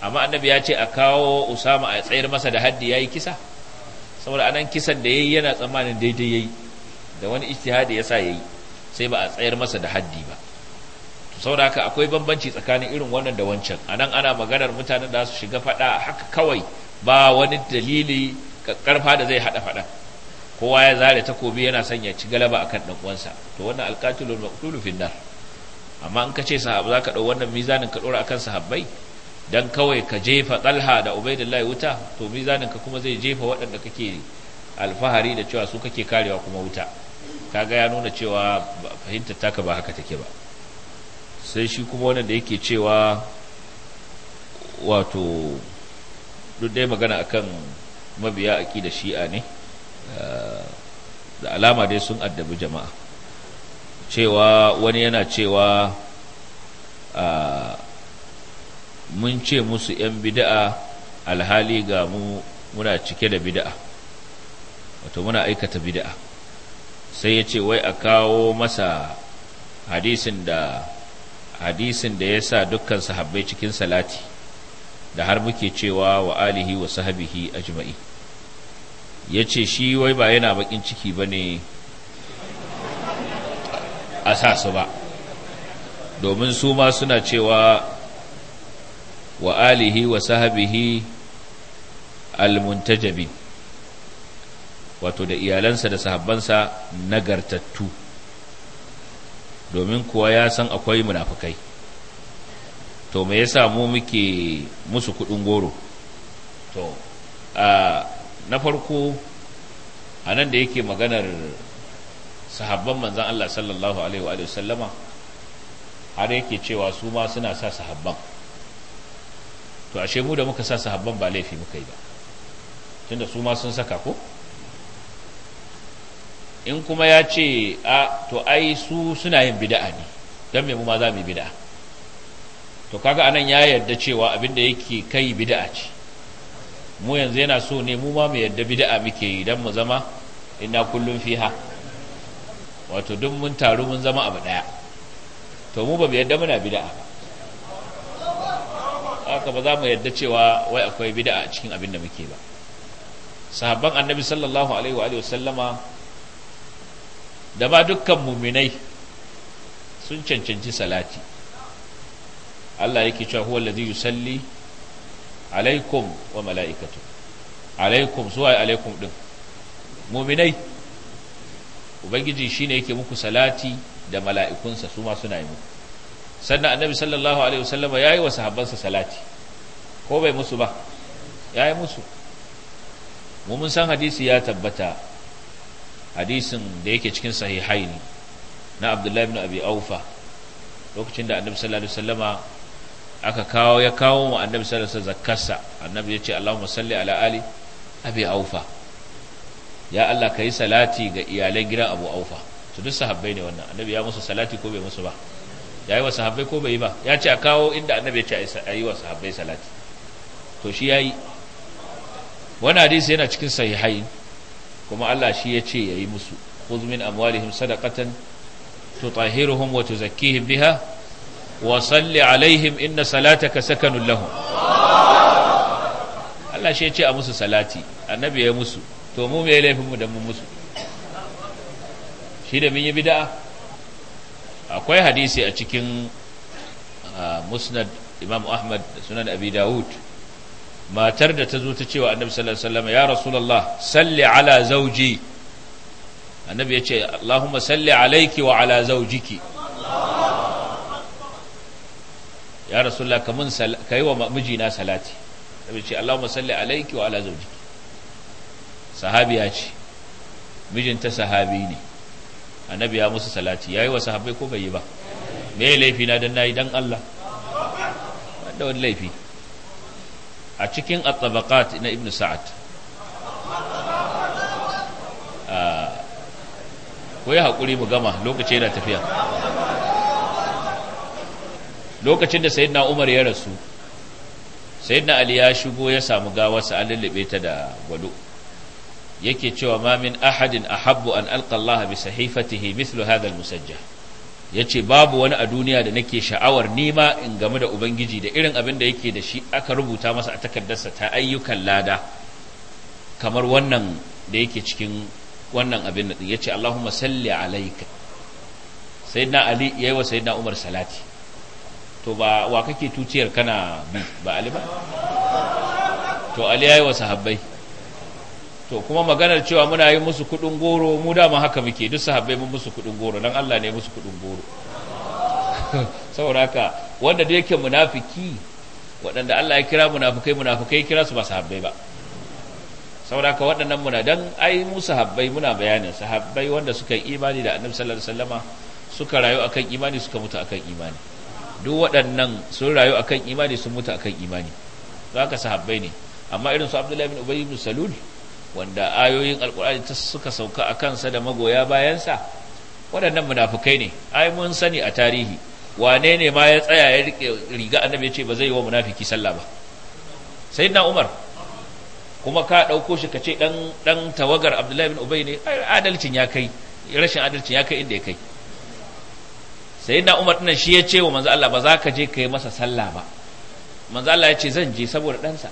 amma annabi ya ce a kawo usama a tsayar masa da haddi ya yi kisa saboda anan kisan da ya yi yana tsammanin daidai ya yi da wani ijtihadi ya sa ya yi sai ba a tsayar masa da haddi ba saboda haka akwai bambanci tsakanin irin wannan da wancan a nan ana maganar mutanen da su shiga fada haka kawai ba wani dalili karfa da zai hada fada kowa ya zare takobi yana son ya ci galaba akan kan uwansa to wannan alqatilul maqtulu finnar amma in ka ce sahab zaka ɗau wannan mizanin ka ɗora a kan sahabbai dan kawai ka jefa ɗalha da ubaidullahi wuta to mizanin ka kuma zai jefa waɗanda kake alfahari da cewa su kake karewa kuma wuta kaga ya nuna cewa fahimtar taka ba haka take ba sai shi kuma wani da yake cewa wato duk dai magana akan mabiya da shi'a ne eh, da alama dai sun addabi jama'a cewa wani yana cewa mun ce musu 'yan bida'a alhali ga mu muna cike da bida'a wato muna aikata bida'a sai ya ce wai a kawo masa hadisin da hadisin da ya sa dukkan sahabbai cikin salati da har muke cewa wa alihi wa sahabihi ajma'i ya ce shi wai ba yana bakin ciki ba ne a sa ba domin su ma suna cewa wa alihi wa sahabihi almuntajabin wato da iyalansa da sahabbansa nagartattu domin kuwa ya san akwai munafukai to me yasa mu muke musu kudin goro to a na farko a nan da yake maganar sahabban manzan Allah sallallahu alaihi wa sallama har yake cewa su ma suna sa sahabban to ashe mu da muka sa sahabban ba laifi muka yi ba tunda su ma sun saka ko in kuma ya ce a to ai su suna yin bida'a ne don mai ma za mu yi bida'a. to kaga anan ya yarda cewa abin da yake kai bida'a ce mu yanzu yana so ne mu ma mu yarda bida'a muke yi don mu zama ina kullum fiha wato duk mun taru mun zama abu daya to mu ba mu yarda muna bida'a ba haka ba za mu yarda cewa wai akwai bida'a cikin abin da muke ba sahabban annabi sallallahu alaihi wa sallama da ma dukkan muminai sun cancanci salati Allah yake cewa huwa allazi yusalli alaikum wa mala'ikatu alaikum suwa alaikum din muminai ubangiji shine yake muku salati da mala'ikunsa su ma suna yi muku sannan annabi sallallahu alaihi wasallama yayi wa sahabbansa salati ko bai musu ba yayi musu mu mun san hadisi ya tabbata hadisin da yake cikin sahihaini na abdullahi ibn abi aufa lokacin da annabi sallallahu alaihi wasallama aka kawo ya kawo mu annabi sallallahu alaihi zakkarsa annabi ya ce Allahumma salli ala ali abi aufa ya Allah kai salati ga iyalan gidan abu aufa su duk sahabbai ne wannan annabi ya musu salati ko bai musu ba ya yi wa sahabbai ko bai yi ba ya ce a kawo inda annabi ya ce a yi wa sahabbai salati to shi ya yi wani hadisi yana cikin sahihaini kuma Allah shi ya ce yayi musu khudh min amwalihim sadaqatan tutahhiruhum wa tuzakkihim biha wa salli alaihim inna salataka sakanun lahum Allah shi ya ce a musu salati annabi ya musu to mu me laifin mu da mu musu shi da mun yi bid'a akwai hadisi a cikin ah, musnad Imam Ahmad da sunan Abi Dawud matar da ta zo ta cewa annabi sallallahu alaihi wasallam ya rasulullah salli ala zauji annabi ya ce allahumma salli alayki wa ala zaujiki ya rasulullah kamun kai wa mijina salati annabi ce allahumma salli alayki wa ala zaujiki sahabiya ce mijinta sahabi ne annabi ya musu salati yayi wa sahabbai ko bai yi ba me laifi na dan nayi dan Allah wanda wani laifi a cikin at-tabaqat na Ibnu sa'ad ah, ko ya mu gama lokaci yana tafiya lokacin da sayyidina umar ya rasu sayyidina ali ya shigo ya samu gawarsa an lullube ta da gwado yake cewa ma min ahadin ahabbu an alqa Allah bi sahifatihi mithlu hadha al-musajjah ya ce babu wani a duniya da nake sha'awar nema in game da ubangiji da irin abin da yake da shi aka rubuta masa a takardarsa ta ayyukan lada kamar wannan da yake cikin wannan abin da ya ce Allahumma salli alaika sayyidina ali ya yi wa sayyidina umar salati to ba wa kake tuciyar kana bi ba ali ba to ali ya yi wa sahabbai to kuma maganar cewa muna yi musu kudin goro mu dama haka muke duk sahabbai mun musu kudin goro dan Allah ne musu kudin goro saboda haka wanda da yake munafiki waɗanda Allah ya kira munafikai munafikai kira su ba sahabbai ba saboda haka waɗannan muna dan ai mu sahabbai muna bayanin sahabbai wanda suka yi imani da Annabi sallallahu alaihi wasallama suka rayu akan imani suka mutu akan imani duk waɗannan sun rayu akan imani sun mutu akan imani za ka sahabbai ne amma irin su Abdullahi bin Ubay bin Salul wanda ayoyin alkur'ani suka sauka a kansa da magoya bayansa waɗannan munafukai ne ai mun sani a tarihi wane ne ma ya tsaya ya rike riga annabi ya ce ba zai yi wa munafiki sallah ba sayyidina umar kuma ka ɗauko shi ka ce ɗan tawagar abdullahi bin ubay ne adalcin ya kai rashin adalcin ya kai inda ya kai sayyidina umar ɗin shi ya ce wa manzo Allah ba za ka je ka yi masa sallah ba manzo Allah ya ce zan je saboda ɗansa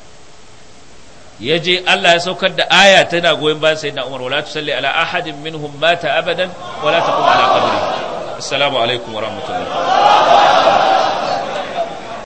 ya je Allah ya saukar da aya tana goyon bayan na Umar wala tusalli ala ahadin minhum mata abadan wala taqum ala qabri assalamu alaikum wa rahmatullahi